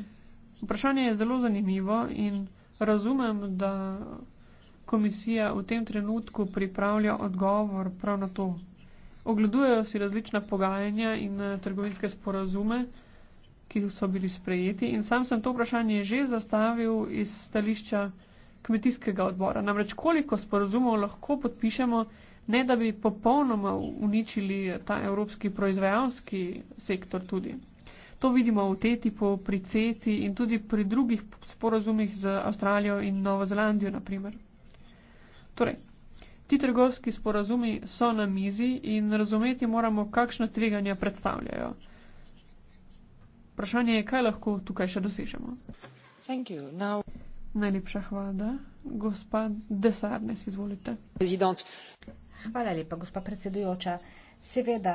Vprašanje je zelo zanimivo in razumem, da komisija v tem trenutku pripravlja odgovor prav na to. Ogledujejo si različna pogajanja in eh, trgovinske sporazume ki so bili sprejeti. In sam sem to vprašanje že zastavil iz stališča kmetijskega odbora. Namreč koliko sporozumov lahko podpišemo, ne da bi popolnoma uničili ta evropski proizvajalski sektor tudi. To vidimo v TTIP-u, pri CETI in tudi pri drugih sporozumih z Avstralijo in Novo Zelandijo, naprimer. Torej, ti trgovski sporozumi so na mizi in razumeti moramo, kakšna tveganja predstavljajo. Vprašanje je, kaj lahko tukaj še dosežemo. Now... Najlepša hvala, gospa Desarnes, izvolite. President. Hvala lepa, gospa predsedujoča. Seveda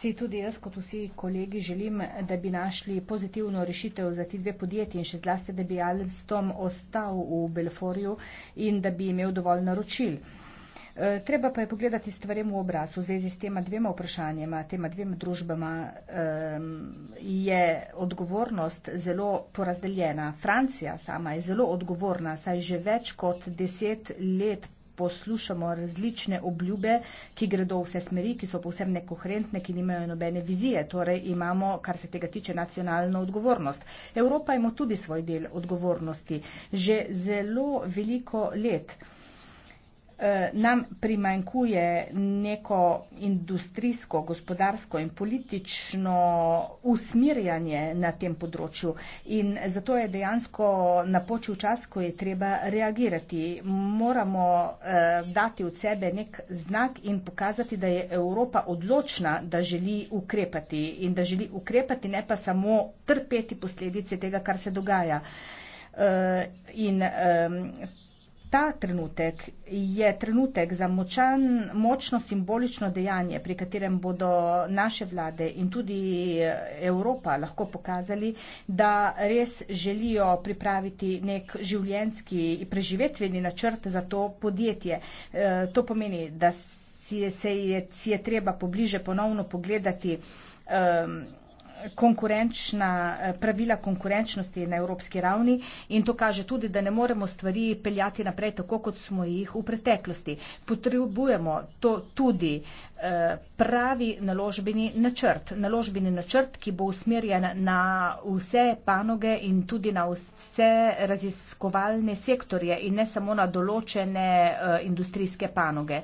si tudi jaz, kot vsi kolegi, želim, da bi našli pozitivno rešitev za ti dve podjetji in še zlasti, da bi Alstom ostal v Belforju in da bi imel dovolj naročil. Eh, treba pa je pogledati stvarem v obraz v zvezi s tema dvema vprašanjema, tema dvema družbama um, je odgovornost zelo porazdeljena. Francija sama je zelo odgovorna, saj že več kot deset let poslušamo različne obljube, ki gredo vse smeri, ki so povsem nekoherentne, ki nimajo nobene vizije. Torej imamo, kar se tega tiče, nacionalno odgovornost. Evropa ima tudi svoj del odgovornosti. Že zelo veliko let. Eh, nam primanjkuje neko industrijsko, gospodarsko in politično usmirjanje na tem področju. In zato je dejansko napočil čas, ko je treba reagirati. Moramo eh, dati od sebe nek znak in pokazati, da je Evropa odločna, da želi ukrepati in da želi ukrepati, ne pa samo trpeti posledice tega, kar se dogaja. Eh, in, eh, ta trenutek je trenutek za močan, močno simbolično dejanje, pri katerem bodo naše vlade in tudi Evropa lahko pokazali, da res želijo pripraviti nek življenski preživetveni načrt za to podjetje. E, to pomeni, da si je, si je treba pobliže ponovno pogledati. Um, konkurenčna, eh, pravila konkurenčnosti na evropski ravni in to kaže tudi, da ne moremo stvari peljati naprej tako, kot smo jih v preteklosti. Potrebujemo to tudi Eh, pravi naložbeni načrt. Naložbeni načrt, ki bo usmerjen na vse panoge in tudi na vse raziskovalne sektorje in ne samo na določene eh, industrijske panoge.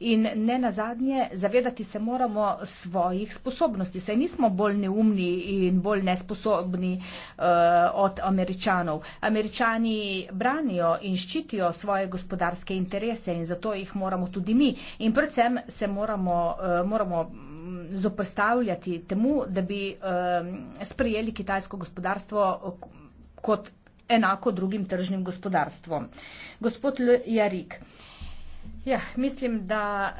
In ne nazadnje, zavedati se moramo svojih sposobnosti. Saj nismo bolj neumni in bolj nesposobni eh, od američanov. Američani branijo in ščitijo svoje gospodarske interese in zato jih moramo tudi mi. In predvsem se moramo moramo eh, mm, zoprstavljati temu, da bi sprejeli kitajsko gospodarstvo kot enako drugim tržnim gospodarstvom. Gospod L. Jarik, ja, mislim, da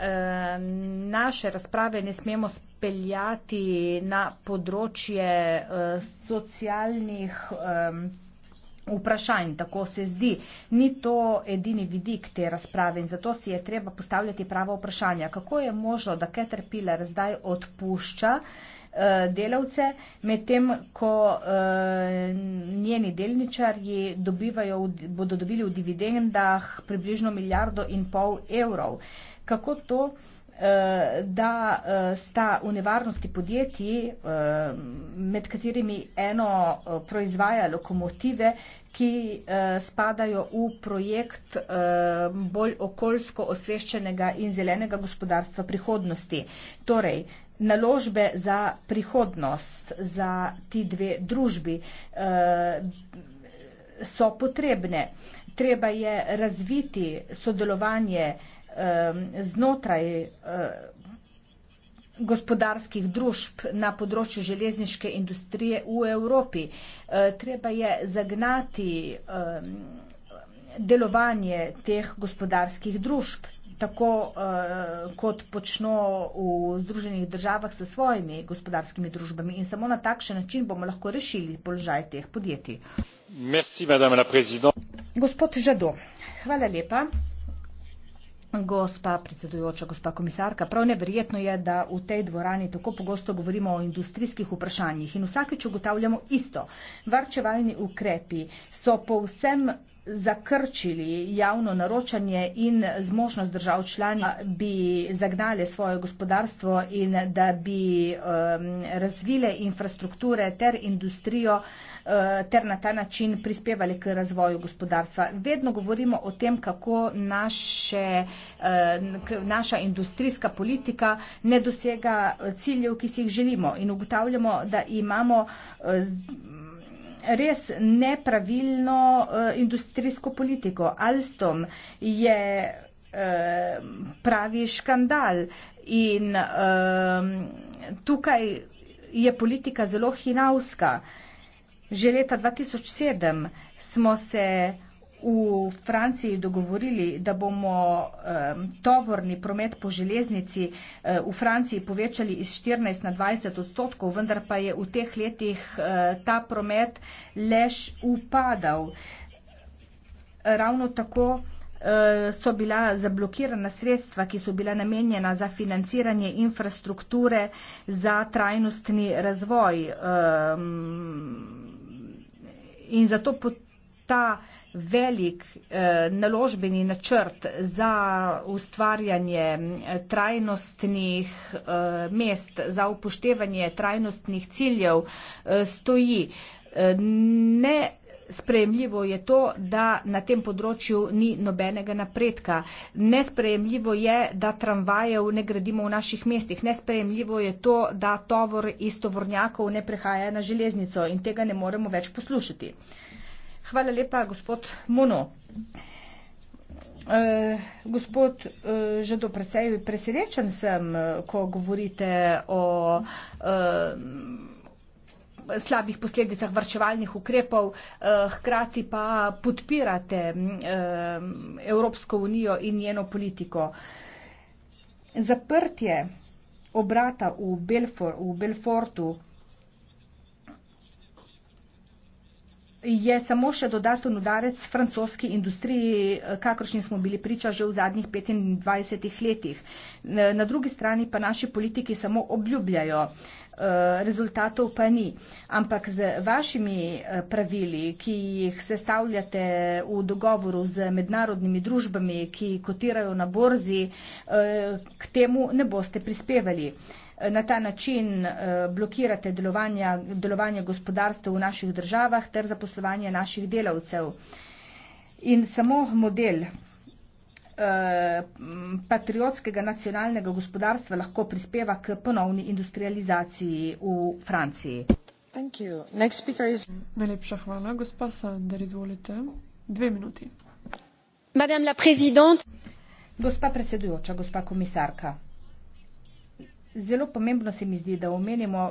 naše razprave ne smemo speljati na področje eh, socialnih vsega, vprašanj. Tako se zdi, ni to edini vidik te razprave in zato si je treba postavljati prava vprašanja. Kako je možno, da Caterpillar zdaj odpušča eh, delavce, medtem ko eh, njeni delničarji dobivajo, bodo dobili v dividendah približno milijardo in pol evrov? Kako to? Eh, da eh, sta v nevarnosti podjetji, eh, med katerimi eno proizvaja lokomotive, ki spadajo v projekt bolj okoljsko osveščenega in zelenega gospodarstva prihodnosti. Torej, naložbe za prihodnost, za ti dve družbi so potrebne. Treba je razviti sodelovanje znotraj gospodarskih družb na področju železniške industrije v Evropi. E, treba je zagnati delovanje teh gospodarskih družb, tako kot počno v Združenih državah s svojimi gospodarskimi družbami. In samo na takšen način bomo lahko rešili položaj teh podjetij. Merci, gospod Žado, hvala lepa. Gospa predsedujoča, gospa komisarka, prav neverjetno je, da v tej dvorani tako pogosto govorimo o industrijskih vprašanjih in vsakeč ugotavljamo isto. Varčevalni ukrepi so povsem zakrčili javno naročanje in zmožnost držav članic, da bi zagnali svoje gospodarstvo in da bi um, razvile infrastrukture ter industrijo uh, ter na ta način prispevali k razvoju gospodarstva. Vedno govorimo o tem, kako naše, uh, naša industrijska politika ne dosega ciljev, ki si jih želimo in ugotavljamo, da imamo uh, res nepravilno uh, industrijsko politiko. Alstom je uh, pravi škandal in uh, tukaj je politika zelo hinavska. Že leta 2007 smo se v Franciji dogovorili, da bomo tovorni promet po železnici e, v Franciji povečali iz 14 na 20 odstotkov, vendar pa je v teh letih e, ta promet lež upadal. Ravno tako e, so bila zablokirana sredstva, ki so bila namenjena za financiranje infrastrukture za trajnostni razvoj. In zato potrebujemo ta velik eh, naložbeni načrt za ustvarjanje eh, trajnostnih eh, mest, za upoštevanje trajnostnih ciljev eh, stoji. Eh, ne Sprejemljivo je to, da na tem področju ni nobenega napredka. Nesprejemljivo je, da tramvajev ne gradimo v naših mestih. Nesprejemljivo je to, da tovor iz tovornjakov ne prehaja na železnico in tega ne moremo več poslušati. Uh, Hvala lepa, gospod Muno. Uh, gospod, uh, že do precej presrečen sem, uh, ko govorite o uh, slabih posledicah varčevalnih ukrepov, uh, hkrati pa podpirate uh, Evropsko unijo in njeno politiko. Zaprtje obrata v, Belfor, v Belfortu je samo še dodaten udarec francoski industriji, eh, kakršni smo bili priča že v zadnjih 25 letih. Na drugi strani pa naši politiki samo obljubljajo, eh, rezultatov pa ni. Ampak z vašimi eh, pravili, ki jih sestavljate v dogovoru z mednarodnimi družbami, ki kotirajo na borzi, k temu ne boste prispevali na ta način eh, blokirate delovanja, delovanje gospodarstva v naših državah ter zaposlovanje naših delavcev. In samo model eh, patriotskega nacionalnega gospodarstva lahko prispeva k ponovni industrializaciji v Franciji. Is... Najlepša hvala, gospa Sander, izvolite. Dve minuti. Gospa predsedujoča, gospa komisarka. Zelo pomembno se mi zdi, da omenimo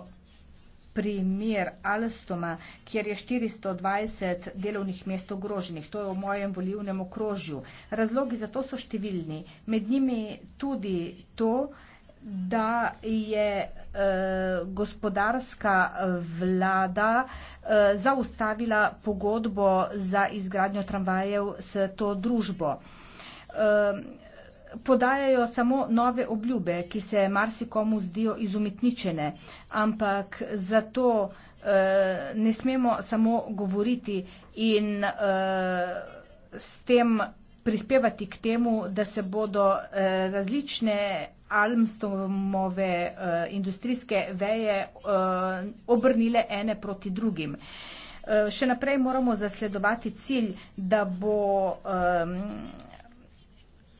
primer Alstoma, kjer je 420 delovnih mest ogroženih. To je v mojem volivnem okrožju. Razlogi za to so številni. Med njimi tudi to, da je eh, gospodarska vlada eh, zaustavila pogodbo za izgradnjo tramvajev s to družbo. Eh, podajajo samo nove obljube, ki se marsikomu zdijo izumitničene, ampak zato uh, ne smemo samo govoriti in uh, s tem prispevati k temu, da se bodo uh, različne almstomove uh, industrijske veje uh, obrnile ene proti drugim. Uh, še naprej moramo zasledovati cilj, da bo um,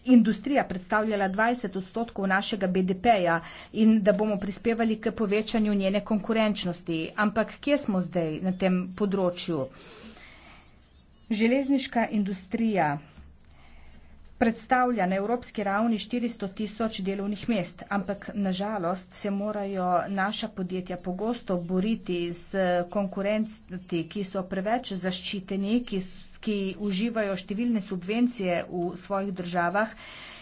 industrija predstavljala 20 odstotkov našega BDP-ja in da bomo prispevali k povečanju njene konkurenčnosti. Ampak kje smo zdaj na tem področju? Železniška industrija predstavlja na evropski ravni 400 tisoč delovnih mest, ampak nažalost se morajo naša podjetja pogosto boriti z konkurenti, ki so preveč zaščiteni, ki so ki uživajo številne subvencije v svojih državah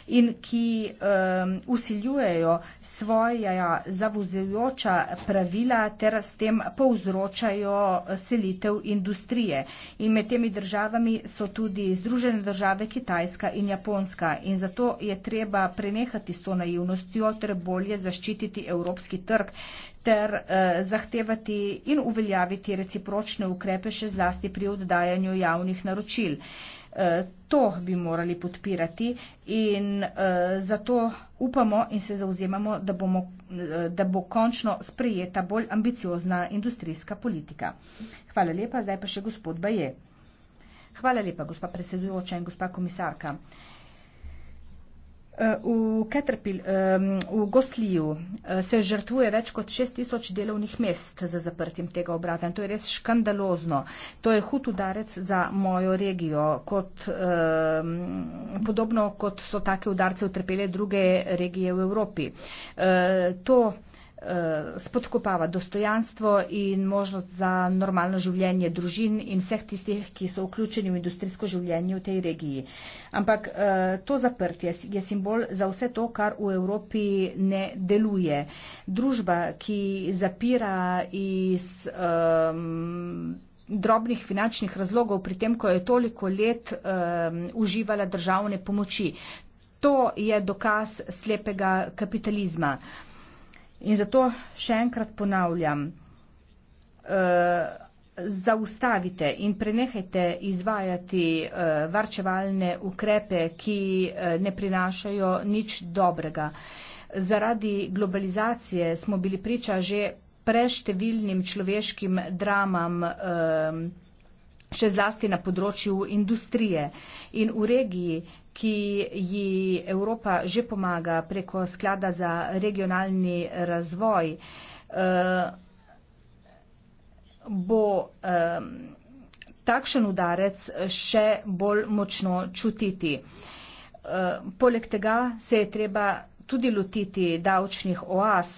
in ki um, usiljujejo svoja zavozujoča pravila ter s tem povzročajo selitev industrije. In med temi državami so tudi Združene države Kitajska in Japonska. In zato je treba prenehati s to naivnostjo ter bolje zaščititi evropski trg ter eh, zahtevati in uveljaviti recipročne ukrepe še zlasti pri oddajanju javnih naročil. Eh, Eh, to bi morali podpirati in uh, zato upamo in se zauzemamo, da, bomo, eh, da bo končno sprejeta bolj ambiciozna industrijska politika. Hvala lepa, zdaj pa še gospod Baje. Hvala lepa, gospa predsedujoča in gospa komisarka. Uh, Eh, v Caterpill, v Gosliju eh, se žrtvuje več kot 6000 delovnih mest za zaprtjem tega obrata in to je res škandalozno. To je hud udarec za mojo regijo, kot, podobno kot so take udarce utrpele druge regije v Evropi. Eh, to Eh, spodkopava dostojanstvo in možnost za normalno življenje družin in vseh tistih, ki so vključeni v industrijsko življenje v tej regiji. Ampak eh, to zaprtje je simbol za vse to, kar v Evropi ne deluje. Družba, ki zapira iz. Um, drobnih finančnih razlogov pri tem, ko je toliko let um, uživala državne pomoči. To je dokaz slepega kapitalizma. Uh, In zato še enkrat ponavljam, eh, zaustavite in prenehajte izvajati eh, varčevalne ukrepe, ki eh, ne prinašajo nič dobrega. Zaradi globalizacije smo bili priča že preštevilnim človeškim dramam, še zlasti na področju industrije. In v regiji ki ji Evropa že pomaga preko sklada za regionalni razvoj, eh, bo eh, takšen udarec še bolj močno čutiti. Eh, poleg tega se je treba tudi lotiti davčnih oas,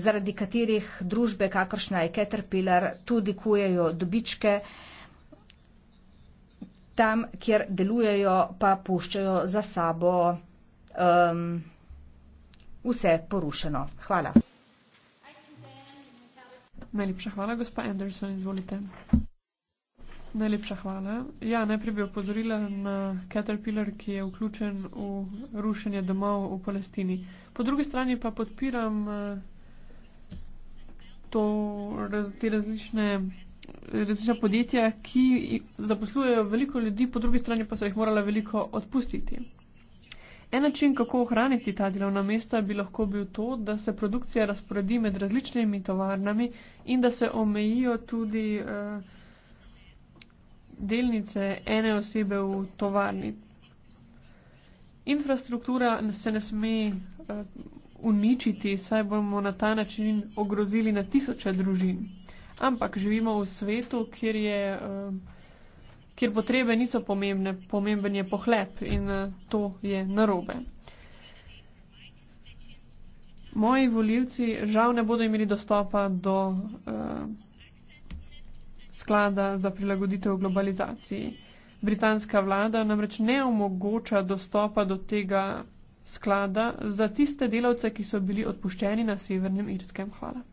zaradi katerih družbe, kakršna je Caterpillar, tudi kujejo dobičke, tam, kjer delujejo, pa puščajo za sabo um, vse porušeno. Hvala. Najlepša hvala, gospa Anderson, izvolite. Najlepša hvala. Ja, najprej bi opozorila na Caterpillar, ki je vključen v rušenje domov v Palestini. Po drugi strani pa podpiram eh, to, te različne različna podjetja, ki zaposlujejo veliko ljudi, po drugi strani pa so jih morala veliko odpustiti. En način, kako ohraniti ta delovna mesta, bi lahko bil to, da se produkcija razporedi med različnimi tovarnami in da se omejijo tudi eh, delnice ene osebe v tovarni. Infrastruktura se ne sme eh, uničiti, saj bomo na ta način ogrozili na tisoče družin ampak živimo v svetu, kjer, je, uh, kjer potrebe niso pomembne, pomemben je pohlep in uh, to je narobe. Moji voljivci žal ne bodo imeli dostopa do uh, sklada za prilagoditev globalizaciji. Britanska vlada namreč ne omogoča dostopa do tega sklada za tiste delavce, ki so bili odpuščeni na Severnem Irskem. Hvala.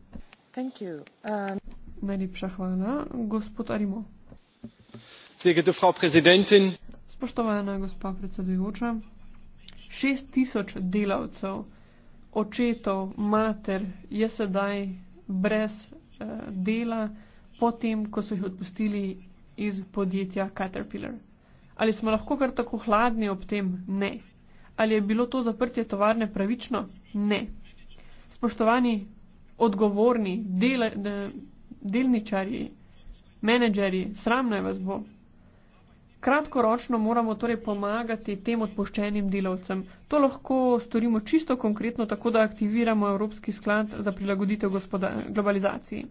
Thank you. Um... Najlepša hvala. Gospod Arimo. Spoštovana gospa predsedujoča, šest tisoč delavcev, očetov, mater je sedaj brez eh, dela, potem, ko so jih odpustili iz podjetja Caterpillar. Ali smo lahko kar tako hladni ob tem? Ne. Ali je bilo to zaprtje tovarne pravično? Ne. Spoštovani odgovorni, dela, de, delničarji, menedžerji, sram naj vas bo. Kratkoročno moramo torej pomagati tem odpuščenim delavcem. To lahko storimo čisto konkretno, tako da aktiviramo Evropski sklad za prilagoditev globalizaciji.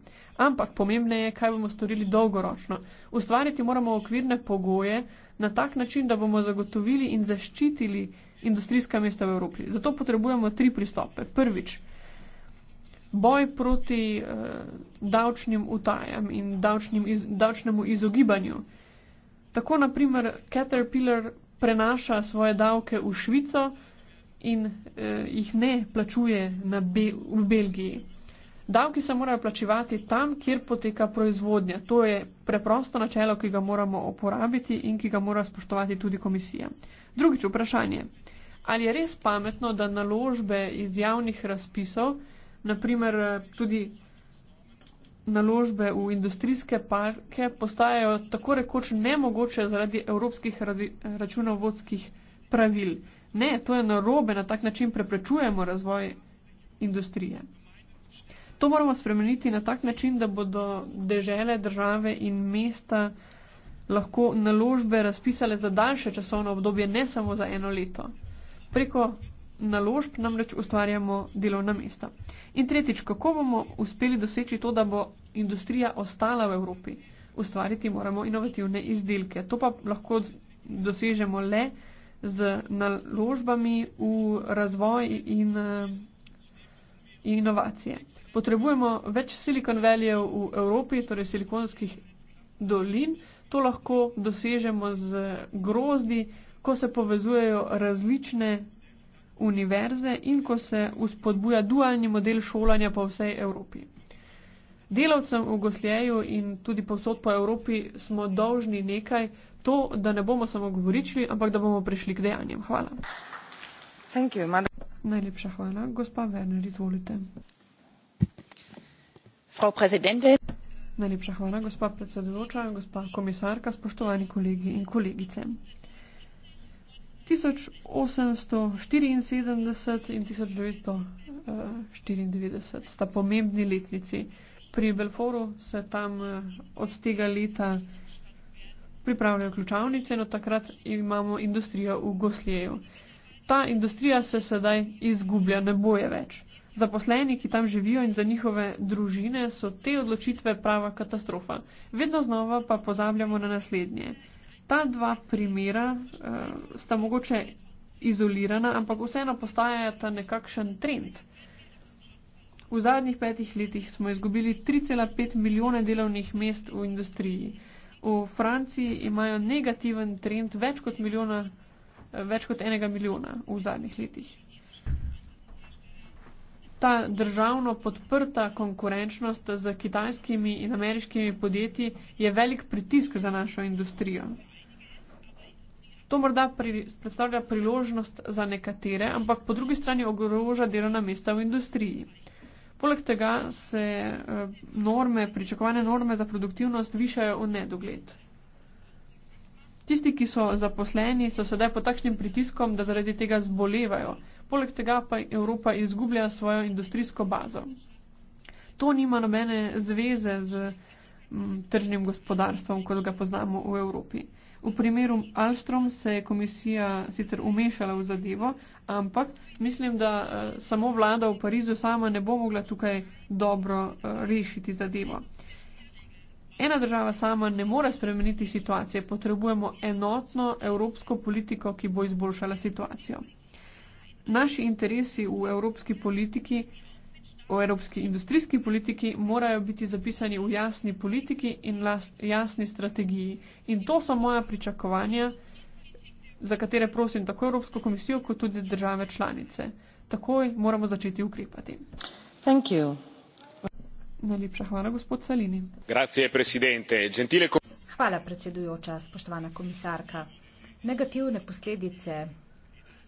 Ampak pomembne je, kaj bomo storili dolgoročno. Ustvariti moramo okvirne pogoje na tak način, da bomo zagotovili in zaščitili industrijska mesta v Evropi. Zato potrebujemo tri pristope. Prvič, boj proti uh, davčnim utajam in davčnim iz, davčnemu izogibanju. Tako naprimer Caterpillar prenaša svoje davke v Švico in uh, jih ne plačuje na Be v Belgiji. Davki se morajo plačevati tam, kjer poteka proizvodnja. To je preprosto načelo, ki ga moramo uporabiti in ki ga mora spoštovati tudi komisija. Drugič vprašanje. Ali je res pametno, da naložbe iz javnih razpisov uh, naprimer tudi naložbe v industrijske parke postajajo tako rekoč nemogoče zaradi evropskih računovodskih pravil. Ne, to je narobe, na tak način preprečujemo razvoj industrije. To moramo spremeniti na tak način, da bodo dežele, države in mesta lahko naložbe razpisale za daljše časovno obdobje, ne samo za eno leto. Preko naložb namreč ustvarjamo delovna mesta. In tretjič, kako bomo uspeli doseči to, da bo industrija ostala v Evropi? Ustvariti moramo inovativne izdelke. To pa lahko dosežemo le z naložbami v razvoj in inovacije. Potrebujemo več Silicon Valley v Evropi, torej silikonskih dolin. To lahko dosežemo z grozdi, ko se povezujejo različne univerze in ko se uspodbuja dualni model šolanja po vsej Evropi. Delavcem v Gosljeju in tudi povsod po Evropi smo dolžni nekaj, to, da ne bomo samo govorili, ampak da bomo prišli k dejanjem. Hvala. You, Najlepša hvala. Gospa Werner, izvolite. Najlepša hvala, gospa predsedujoča, gospa komisarka, spoštovani kolegi in kolegice. 1874 in 1994 eh, sta pomembni letnici. Pri Belforu se tam eh, od tega leta pripravljajo ključavnice in od takrat imamo industrijo v Goslijeju. Ta industrija se sedaj izgublja, ne boje več. Zaposleni, ki tam živijo in za njihove družine so te odločitve prava katastrofa. Vedno znova pa pozabljamo na naslednje. Ta dva primera uh, sta mogoče izolirana, ampak vseeno postajata nekakšen trend. V zadnjih petih letih smo izgubili 3,5 milijone delovnih mest v industriji. V Franciji imajo negativen trend več kot, milijona, eh, več kot enega milijona v zadnjih letih. Ta državno podprta konkurenčnost z kitajskimi in ameriškimi podjetji je velik pritisk za našo industrijo. To morda pri, predstavlja priložnost za nekatere, ampak po drugi strani ogroža delovna mesta v industriji. Poleg tega se eh, norme, pričakovane norme za produktivnost višajo v nedogled. Tisti, ki so zaposleni, so sedaj pod takšnim pritiskom, da zaradi tega zbolevajo. Poleg tega pa Evropa izgublja svojo industrijsko bazo. To nima nobene zveze z m, mm, tržnim gospodarstvom, kot ga poznamo v Evropi. V primeru Alstrom se je komisija sicer umešala v zadevo, ampak mislim, da uh, samo vlada v Parizu sama ne bo mogla tukaj dobro uh, rešiti zadevo. Ena država sama ne more spremeniti situacije, potrebujemo enotno evropsko politiko, ki bo izboljšala situacijo. Naši interesi v evropski politiki o evropski industrijski politiki morajo biti zapisani v jasni politiki in last, jasni strategiji. In to so moja pričakovanja, za katere prosim tako Evropsko komisijo, kot tudi države članice. Takoj moramo začeti ukrepati. Thank you. Najlepša hvala, gospod Salini. Hvala, predsedujoča, spoštovana komisarka. Negativne posledice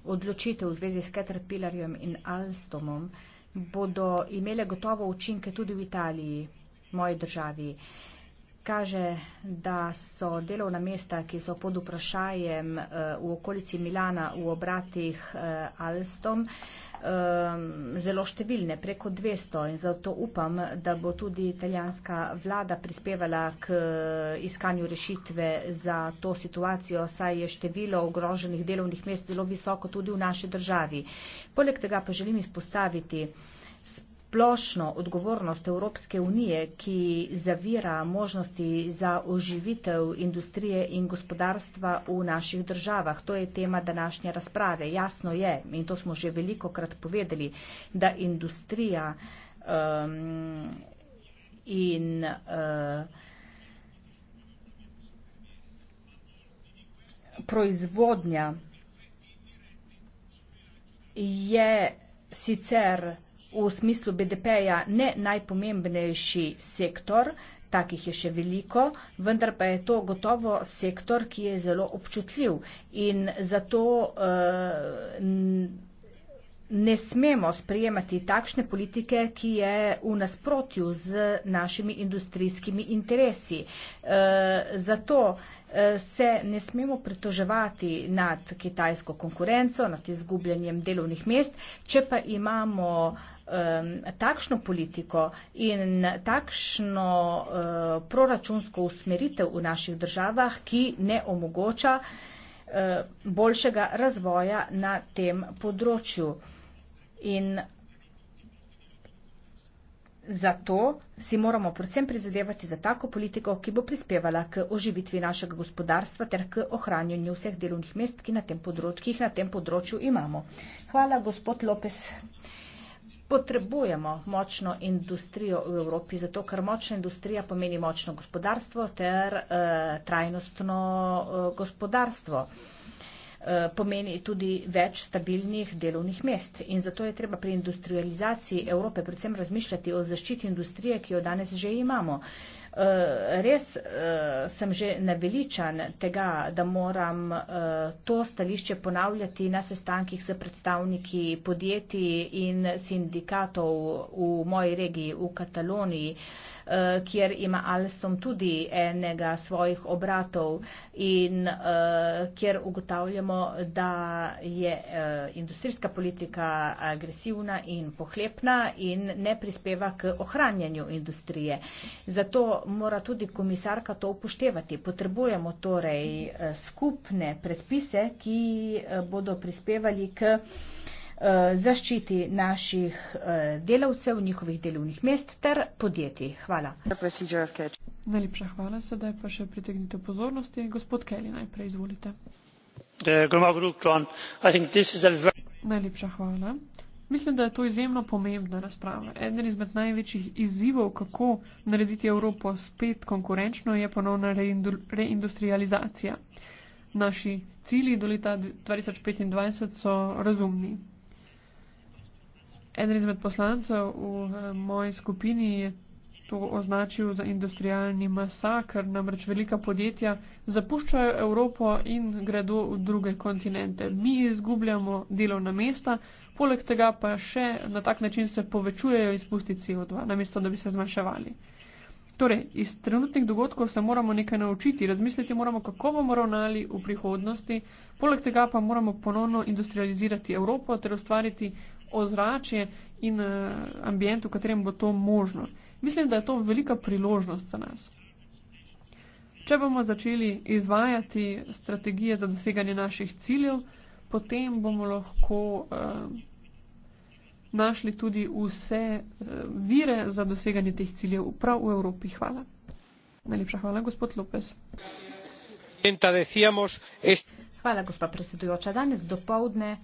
odločitev v zvezi s Caterpillarjem in Alstomom bodo imele gotovo učinke tudi v Italiji, moji državi kaže, da so delovna mesta, ki so pod vprašajem eh, v okolici Milana v obratih eh, Alstom, eh, zelo številne, preko 200 in zato upam, da bo tudi italijanska vlada prispevala k iskanju rešitve za to situacijo, saj je število ogroženih delovnih mest zelo visoko tudi v naši državi. Poleg tega pa želim izpostaviti, splošno odgovornost Evropske unije, ki zavira možnosti za oživitev industrije in gospodarstva v naših državah. To je tema današnje razprave. Jasno je, in to smo že veliko krat povedali, da industrija um, in uh, proizvodnja je sicer v smislu BDP-ja ne najpomembnejši sektor, takih je še veliko, vendar pa je to gotovo sektor, ki je zelo občutljiv in zato uh, ne smemo sprejemati takšne politike, ki je v nasprotju z našimi industrijskimi interesi. E, zato eh, se ne smemo pritoževati nad kitajsko konkurenco, nad izgubljanjem delovnih mest, če pa imamo um, takšno politiko in takšno uh, proračunsko usmeritev v naših državah, ki ne omogoča uh, boljšega razvoja na tem področju. In zato si moramo predvsem prizadevati za tako politiko, ki bo prispevala k oživitvi našega gospodarstva ter k ohranjanju vseh delovnih mest, ki, na tem področju, ki jih na tem področju imamo. Hvala, gospod Lopes. Potrebujemo močno industrijo v Evropi, zato ker močna industrija pomeni močno gospodarstvo ter e, trajnostno e, gospodarstvo. E, pomeni tudi več stabilnih delovnih mest. In zato je treba pri industrializaciji Evrope predvsem razmišljati o zaščiti industrije, ki jo danes že imamo. Eh, res uh, sem že naveličan tega, da moram uh, to stališče ponavljati na sestankih s predstavniki podjetij in sindikatov v moji regiji v Kataloniji, uh, kjer ima Alstom tudi enega svojih obratov in uh, kjer ugotavljamo, da je uh, industrijska politika agresivna in pohlepna in ne prispeva k ohranjanju industrije. Zato mora tudi komisarka to upoštevati. Potrebujemo torej eh, skupne predpise, ki eh, bodo prispevali k eh, zaščiti naših delavcev, njihovih delovnih mest ter podjetij. Hvala. Najlepša hvala. Sedaj pa še pritegnite pozornosti. Gospod Kelly, najprej izvolite. Najlepša hvala. Mislim, da je to izjemno pomembna razprava. Eden izmed največjih izzivov, kako narediti Evropo spet konkurenčno, je ponovna reindustrializacija. Naši cilji do leta 2025 so razumni. Eden izmed poslancev v eh, moji skupini je to označil za industrijalni masakr, namreč velika podjetja zapuščajo Evropo in gredo v druge kontinente. Mi izgubljamo delovna mesta, poleg tega pa še na tak način se povečujejo izpusti CO2, namesto da bi se zmanjševali. Torej, iz trenutnih dogodkov se moramo nekaj naučiti, razmisliti moramo, kako bomo ravnali v prihodnosti, poleg tega pa moramo ponovno industrializirati Evropo ter ustvariti ozračje in uh, ambient, v katerem bo to možno. Mislim, da je to velika priložnost za nas. Če bomo začeli izvajati strategije za doseganje naših ciljev, potem bomo lahko eh, našli tudi vse eh, vire za doseganje teh ciljev prav v Evropi. Hvala. Najlepša hvala, gospod Lopes. Hvala, gospod predsedujoča. Danes do povdne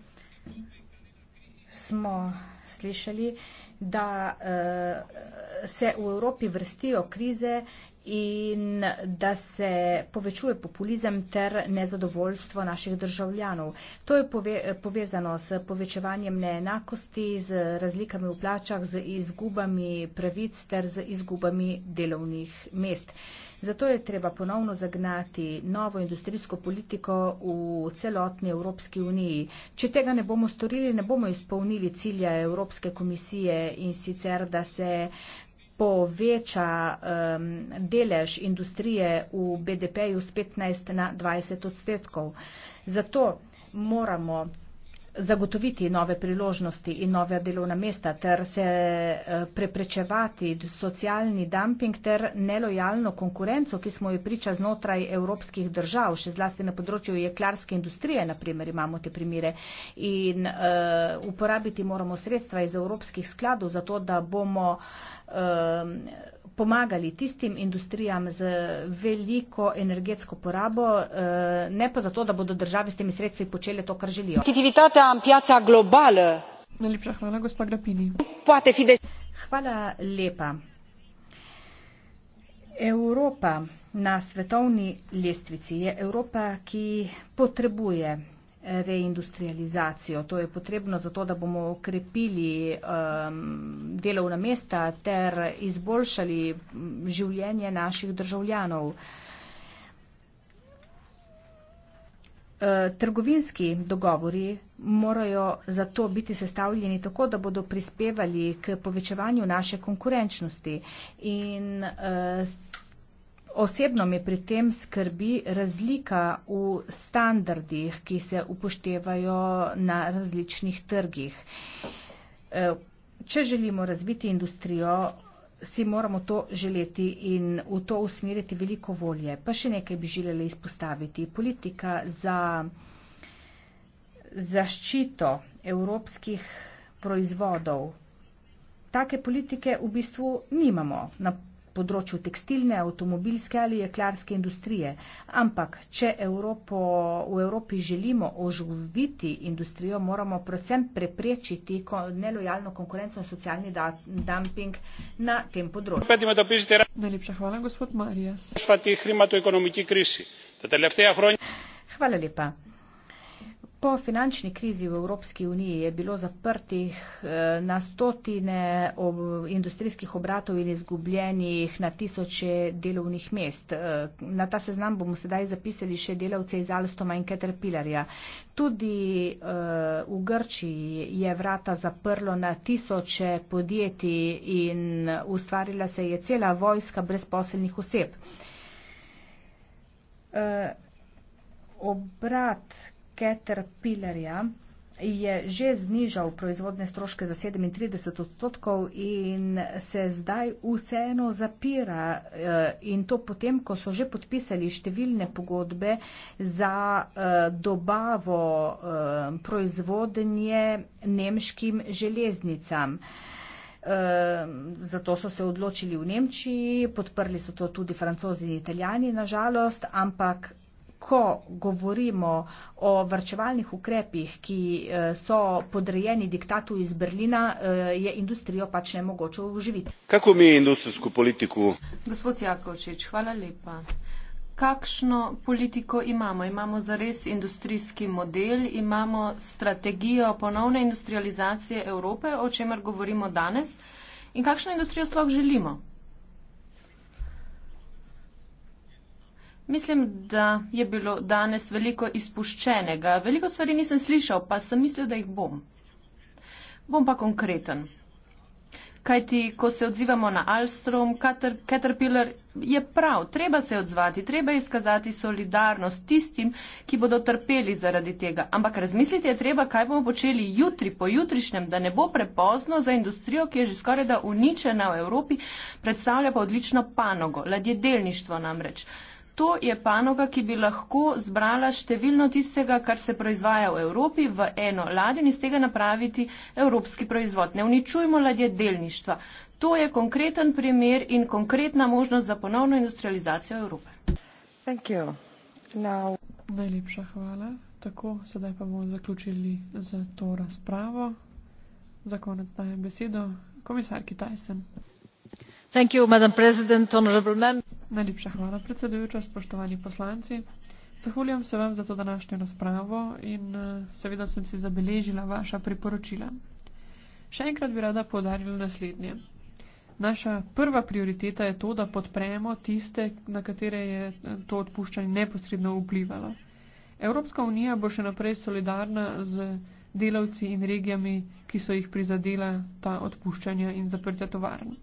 smo slišali, da uh, se v Evropi vrstijo krize in da se povečuje populizem ter nezadovoljstvo naših državljanov. To je pove, povezano s povečevanjem neenakosti, z razlikami v plačah, z izgubami pravic ter z izgubami delovnih mest. Uh, Zato je treba ponovno zagnati novo industrijsko politiko v celotni Evropski uniji. Če tega ne bomo storili, ne bomo izpolnili cilja Evropske komisije in sicer, da se poveča um, delež industrije v BDP-ju z 15 na 20 odstotkov. Zato moramo zagotoviti nove priložnosti in nove delovna mesta ter se eh, preprečevati socialni dumping ter nelojalno konkurenco, ki smo jo priča znotraj evropskih držav, še zlasti na področju jeklarske industrije, naprimer imamo te primere. In uh, uporabiti moramo sredstva iz evropskih skladov za to, da bomo uh, pomagali tistim industrijam z veliko energetsko porabo, eh, ne pa zato, da bodo države s temi sredstvi počele to, kar želijo. Najlepša hvala, gospa Grapini. Hvala lepa. Evropa na svetovni lestvici je Evropa, ki potrebuje reindustrializacijo. To je potrebno zato, da bomo okrepili um, delovna mesta ter izboljšali mm, življenje naših državljanov. Uh, trgovinski dogovori morajo zato biti sestavljeni tako, da bodo prispevali k povečevanju naše konkurenčnosti in uh, Osebno me pri tem skrbi razlika v standardih, ki se upoštevajo na različnih trgih. E, če želimo razviti industrijo, si moramo to želeti in v to usmeriti veliko volje. Pa še nekaj bi želeli izpostaviti. Politika za zaščito evropskih proizvodov. Take politike v bistvu nimamo na področju tekstilne, avtomobilske ali jeklarske industrije. Ampak, če Evropo, v Evropi želimo oživiti industrijo, moramo predvsem preprečiti nelojalno konkurenco in socialni da, dumping na tem področju. Najlepša hvala, gospod Marijas. Hvala lepa. Po finančni krizi v Evropski uniji je bilo zaprtih eh, na stotine industrijskih obratov in izgubljenih na tisoče delovnih mest. Eh, na ta seznam bomo sedaj zapisali še delavce iz Alstoma in Caterpillarja. Tudi eh, v Grčiji je vrata zaprlo na tisoče podjetij in ustvarila se je cela vojska brezposelnih oseb. Obrat, Caterpillarja je že znižal proizvodne stroške za 37 odstotkov in se zdaj vseeno zapira eh, in to potem, ko so že podpisali številne pogodbe za eh, dobavo eh, proizvodnje nemškim železnicam. Zato so se odločili v Nemčiji, podprli so to tudi francozi in italijani, nažalost, ampak ko govorimo o vrčevalnih ukrepih, ki eh, so podrejeni diktatu iz Berlina, eh, je industrijo pač ne mogoče uživiti. Kako mi industrijsko politiko? Gospod Jakovčič, hvala lepa. Kakšno politiko imamo? Imamo zares industrijski model, imamo strategijo ponovne industrializacije Evrope, o čemer govorimo danes. In kakšno industrijo sploh želimo? Mislim, da je bilo danes veliko izpuščenega. Veliko stvari nisem slišal, pa sem mislil, da jih bom. Bom pa konkreten. Kajti, ko se odzivamo na Alstrom, Cater Caterpillar je prav, treba se odzvati, treba izkazati solidarnost tistim, ki bodo trpeli zaradi tega. Ampak razmisliti je treba, kaj bomo počeli jutri, pojutrišnjem, da ne bo prepozno za industrijo, ki je že skoraj da uničena v Evropi, predstavlja pa odlično panogo, ladjedelništvo namreč. To je panoga, ki bi lahko zbrala številno tistega, kar se proizvaja v Evropi, v eno ladjo in iz tega napraviti evropski proizvod. Ne uničujmo ladje delništva. To je konkreten primer in konkretna možnost za ponovno industrializacijo Evrope. Now... Najlepša hvala. Tako, sedaj pa bomo zaključili z to razpravo. Za konec dajem besedo komisarki Tyson. Thank you, Madam President, Honorable Member. Najlepša hvala, predsedujoča, spoštovani poslanci. Zahvaljujem se vam za to današnjo razpravo in eh, seveda sem si zabeležila vaša priporočila. Še enkrat bi rada podarila naslednje. Naša prva prioriteta je to, da podpremo tiste, na katere je eh, to odpuščanje neposredno vplivalo. Evropska unija bo še naprej solidarna z delavci in regijami, ki so jih prizadela ta odpuščanja in zaprtja tovarna.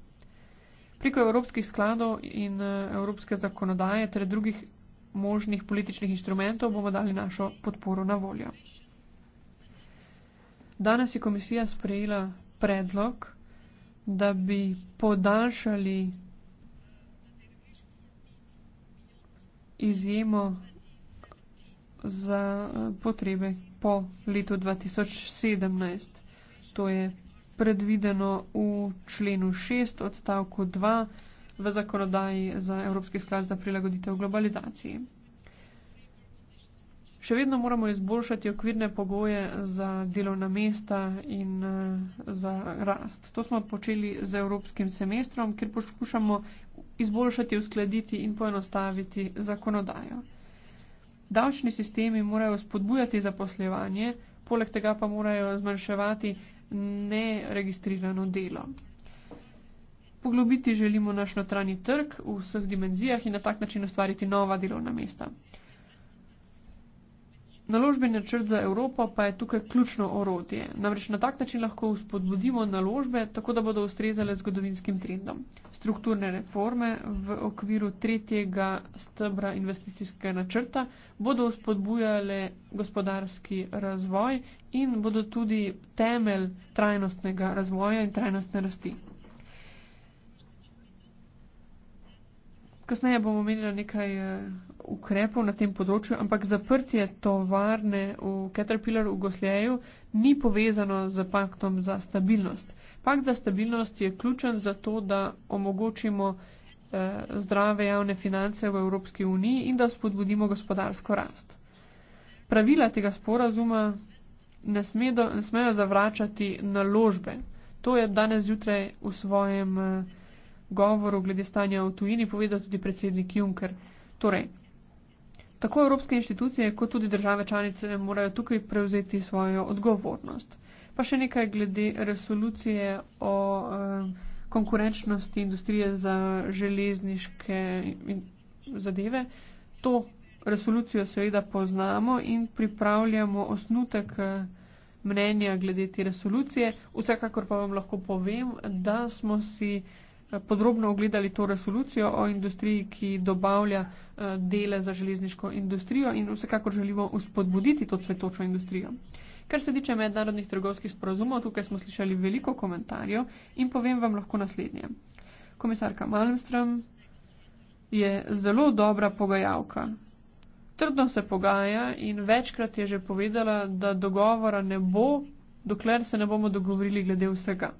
Preko evropskih skladov in eh, evropske zakonodaje ter drugih možnih političnih instrumentov bomo dali našo podporo na voljo. Danes je komisija sprejela predlog, da bi podaljšali izjemo za eh, potrebe po letu 2017, to je predvideno v členu 6 odstavku 2 v zakonodaji za Evropski sklad za prilagoditev globalizaciji. Še vedno moramo izboljšati okvirne pogoje za delovna mesta in eh, za rast. To smo počeli z Evropskim semestrom, kjer poskušamo izboljšati, uskladiti in poenostaviti zakonodajo. Davčni sistemi morajo spodbujati zaposlevanje, poleg tega pa morajo zmanjševati neregistrirano delo. Poglobiti želimo naš notranji trg v vseh dimenzijah in na tak način ustvariti nova delovna mesta. Naložbeni načrt za Evropo pa je tukaj ključno orodje. Namreč na tak način lahko vzpodbudimo naložbe, tako da bodo ustrezale zgodovinskim trendom. Strukturne reforme v okviru tretjega stebra investicijskega načrta bodo vzpodbujale gospodarski razvoj in bodo tudi temelj trajnostnega razvoja in trajnostne rasti. Kasneje bomo omenili nekaj eh, ukrepov na tem področju, ampak zaprtje tovarne v Caterpillar v Gosljeju ni povezano z paktom za stabilnost. Pakt za stabilnost je ključen za to, da omogočimo eh, zdrave javne finance v Evropski uniji in da spodbudimo gospodarsko rast. Pravila tega sporazuma ne, sme do, ne smejo zavračati naložbe. To je danes zjutraj v svojem. Eh, govoru glede stanja v tujini povedal tudi predsednik Juncker. Torej, tako evropske inštitucije, kot tudi države članice morajo tukaj prevzeti svojo odgovornost. Pa še nekaj glede resolucije o eh, konkurenčnosti industrije za železniške zadeve. To resolucijo seveda poznamo in pripravljamo osnutek eh, mnenja glede te resolucije. Vsekakor pa vam lahko povem, da smo si eh, podrobno ogledali to resolucijo o industriji, ki dobavlja eh, dele za železniško industrijo in vsekakor želimo uspodbuditi to cvetočo industrijo. Kar se tiče mednarodnih trgovskih sporazumov, tukaj smo slišali veliko komentarjev in povem vam lahko naslednje. Komisarka Malmström je zelo dobra pogajalka. Trdno se pogaja in večkrat je že povedala, da dogovora ne bo, dokler se ne bomo dogovorili glede vsega.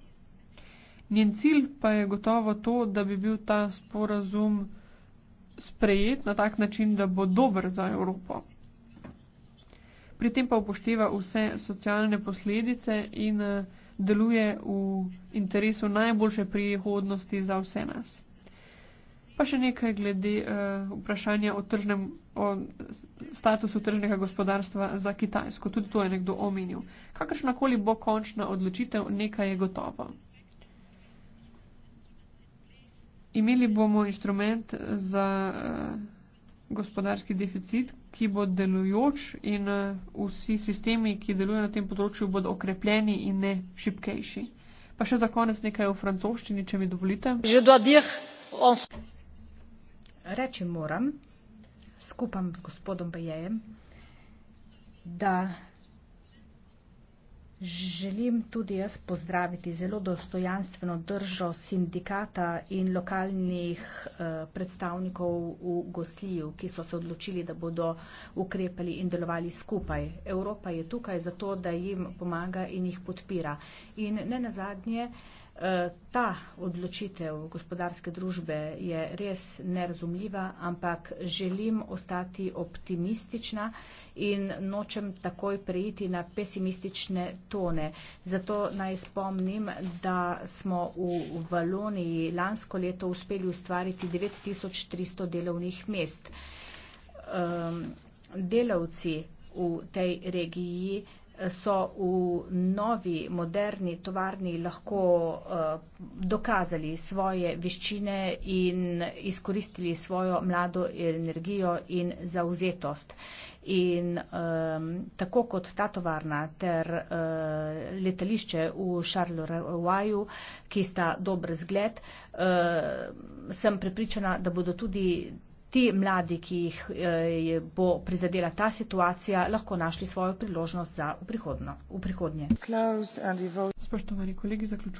Njen cilj pa je gotovo to, da bi bil ta sporazum sprejet na tak način, da bo dober za Evropo. Pri tem pa upošteva vse socialne posledice in eh, deluje v interesu najboljše prihodnosti za vse nas. Pa še nekaj glede uh, vprašanja o, tržnem, o statusu tržnega gospodarstva za Kitajsko. Tudi to je nekdo omenil. Kakršnakoli bo končna odločitev, nekaj je gotovo. Imeli bomo inštrument za uh, gospodarski deficit, ki bo delujoč in uh, vsi sistemi, ki delujejo na tem področju, bodo okrepljeni in ne šipkejši. Pa še za konec nekaj v francoščini, če mi dovolite. Reči moram, skupam s gospodom Bejejem, da Želim tudi jaz pozdraviti zelo dostojanstveno držo sindikata in lokalnih eh, predstavnikov v Gosliju, ki so se odločili, da bodo ukrepali in delovali skupaj. Evropa je tukaj zato, da jim pomaga in jih podpira. In ne nazadnje, eh, ta odločitev gospodarske družbe je res nerazumljiva, ampak želim ostati optimistična in nočem takoj preiti na pesimistične tone. Zato naj spomnim, da smo v Valoniji lansko leto uspeli ustvariti 9300 delovnih mest. Um, delavci v tej regiji so v novi moderni tovarni lahko eh, dokazali svoje veščine in izkoristili svojo mlado energijo in zauzetost. In um, tako kot ta tovarna ter uh, letališče v Šarlorevaju, ki sta dober zgled, uh, sem prepričana, da bodo tudi ti mladi, ki jih eh, bo prizadela ta situacija, lahko našli svojo priložnost za v prihodnje. Spoštovani kolegi, zaključujem.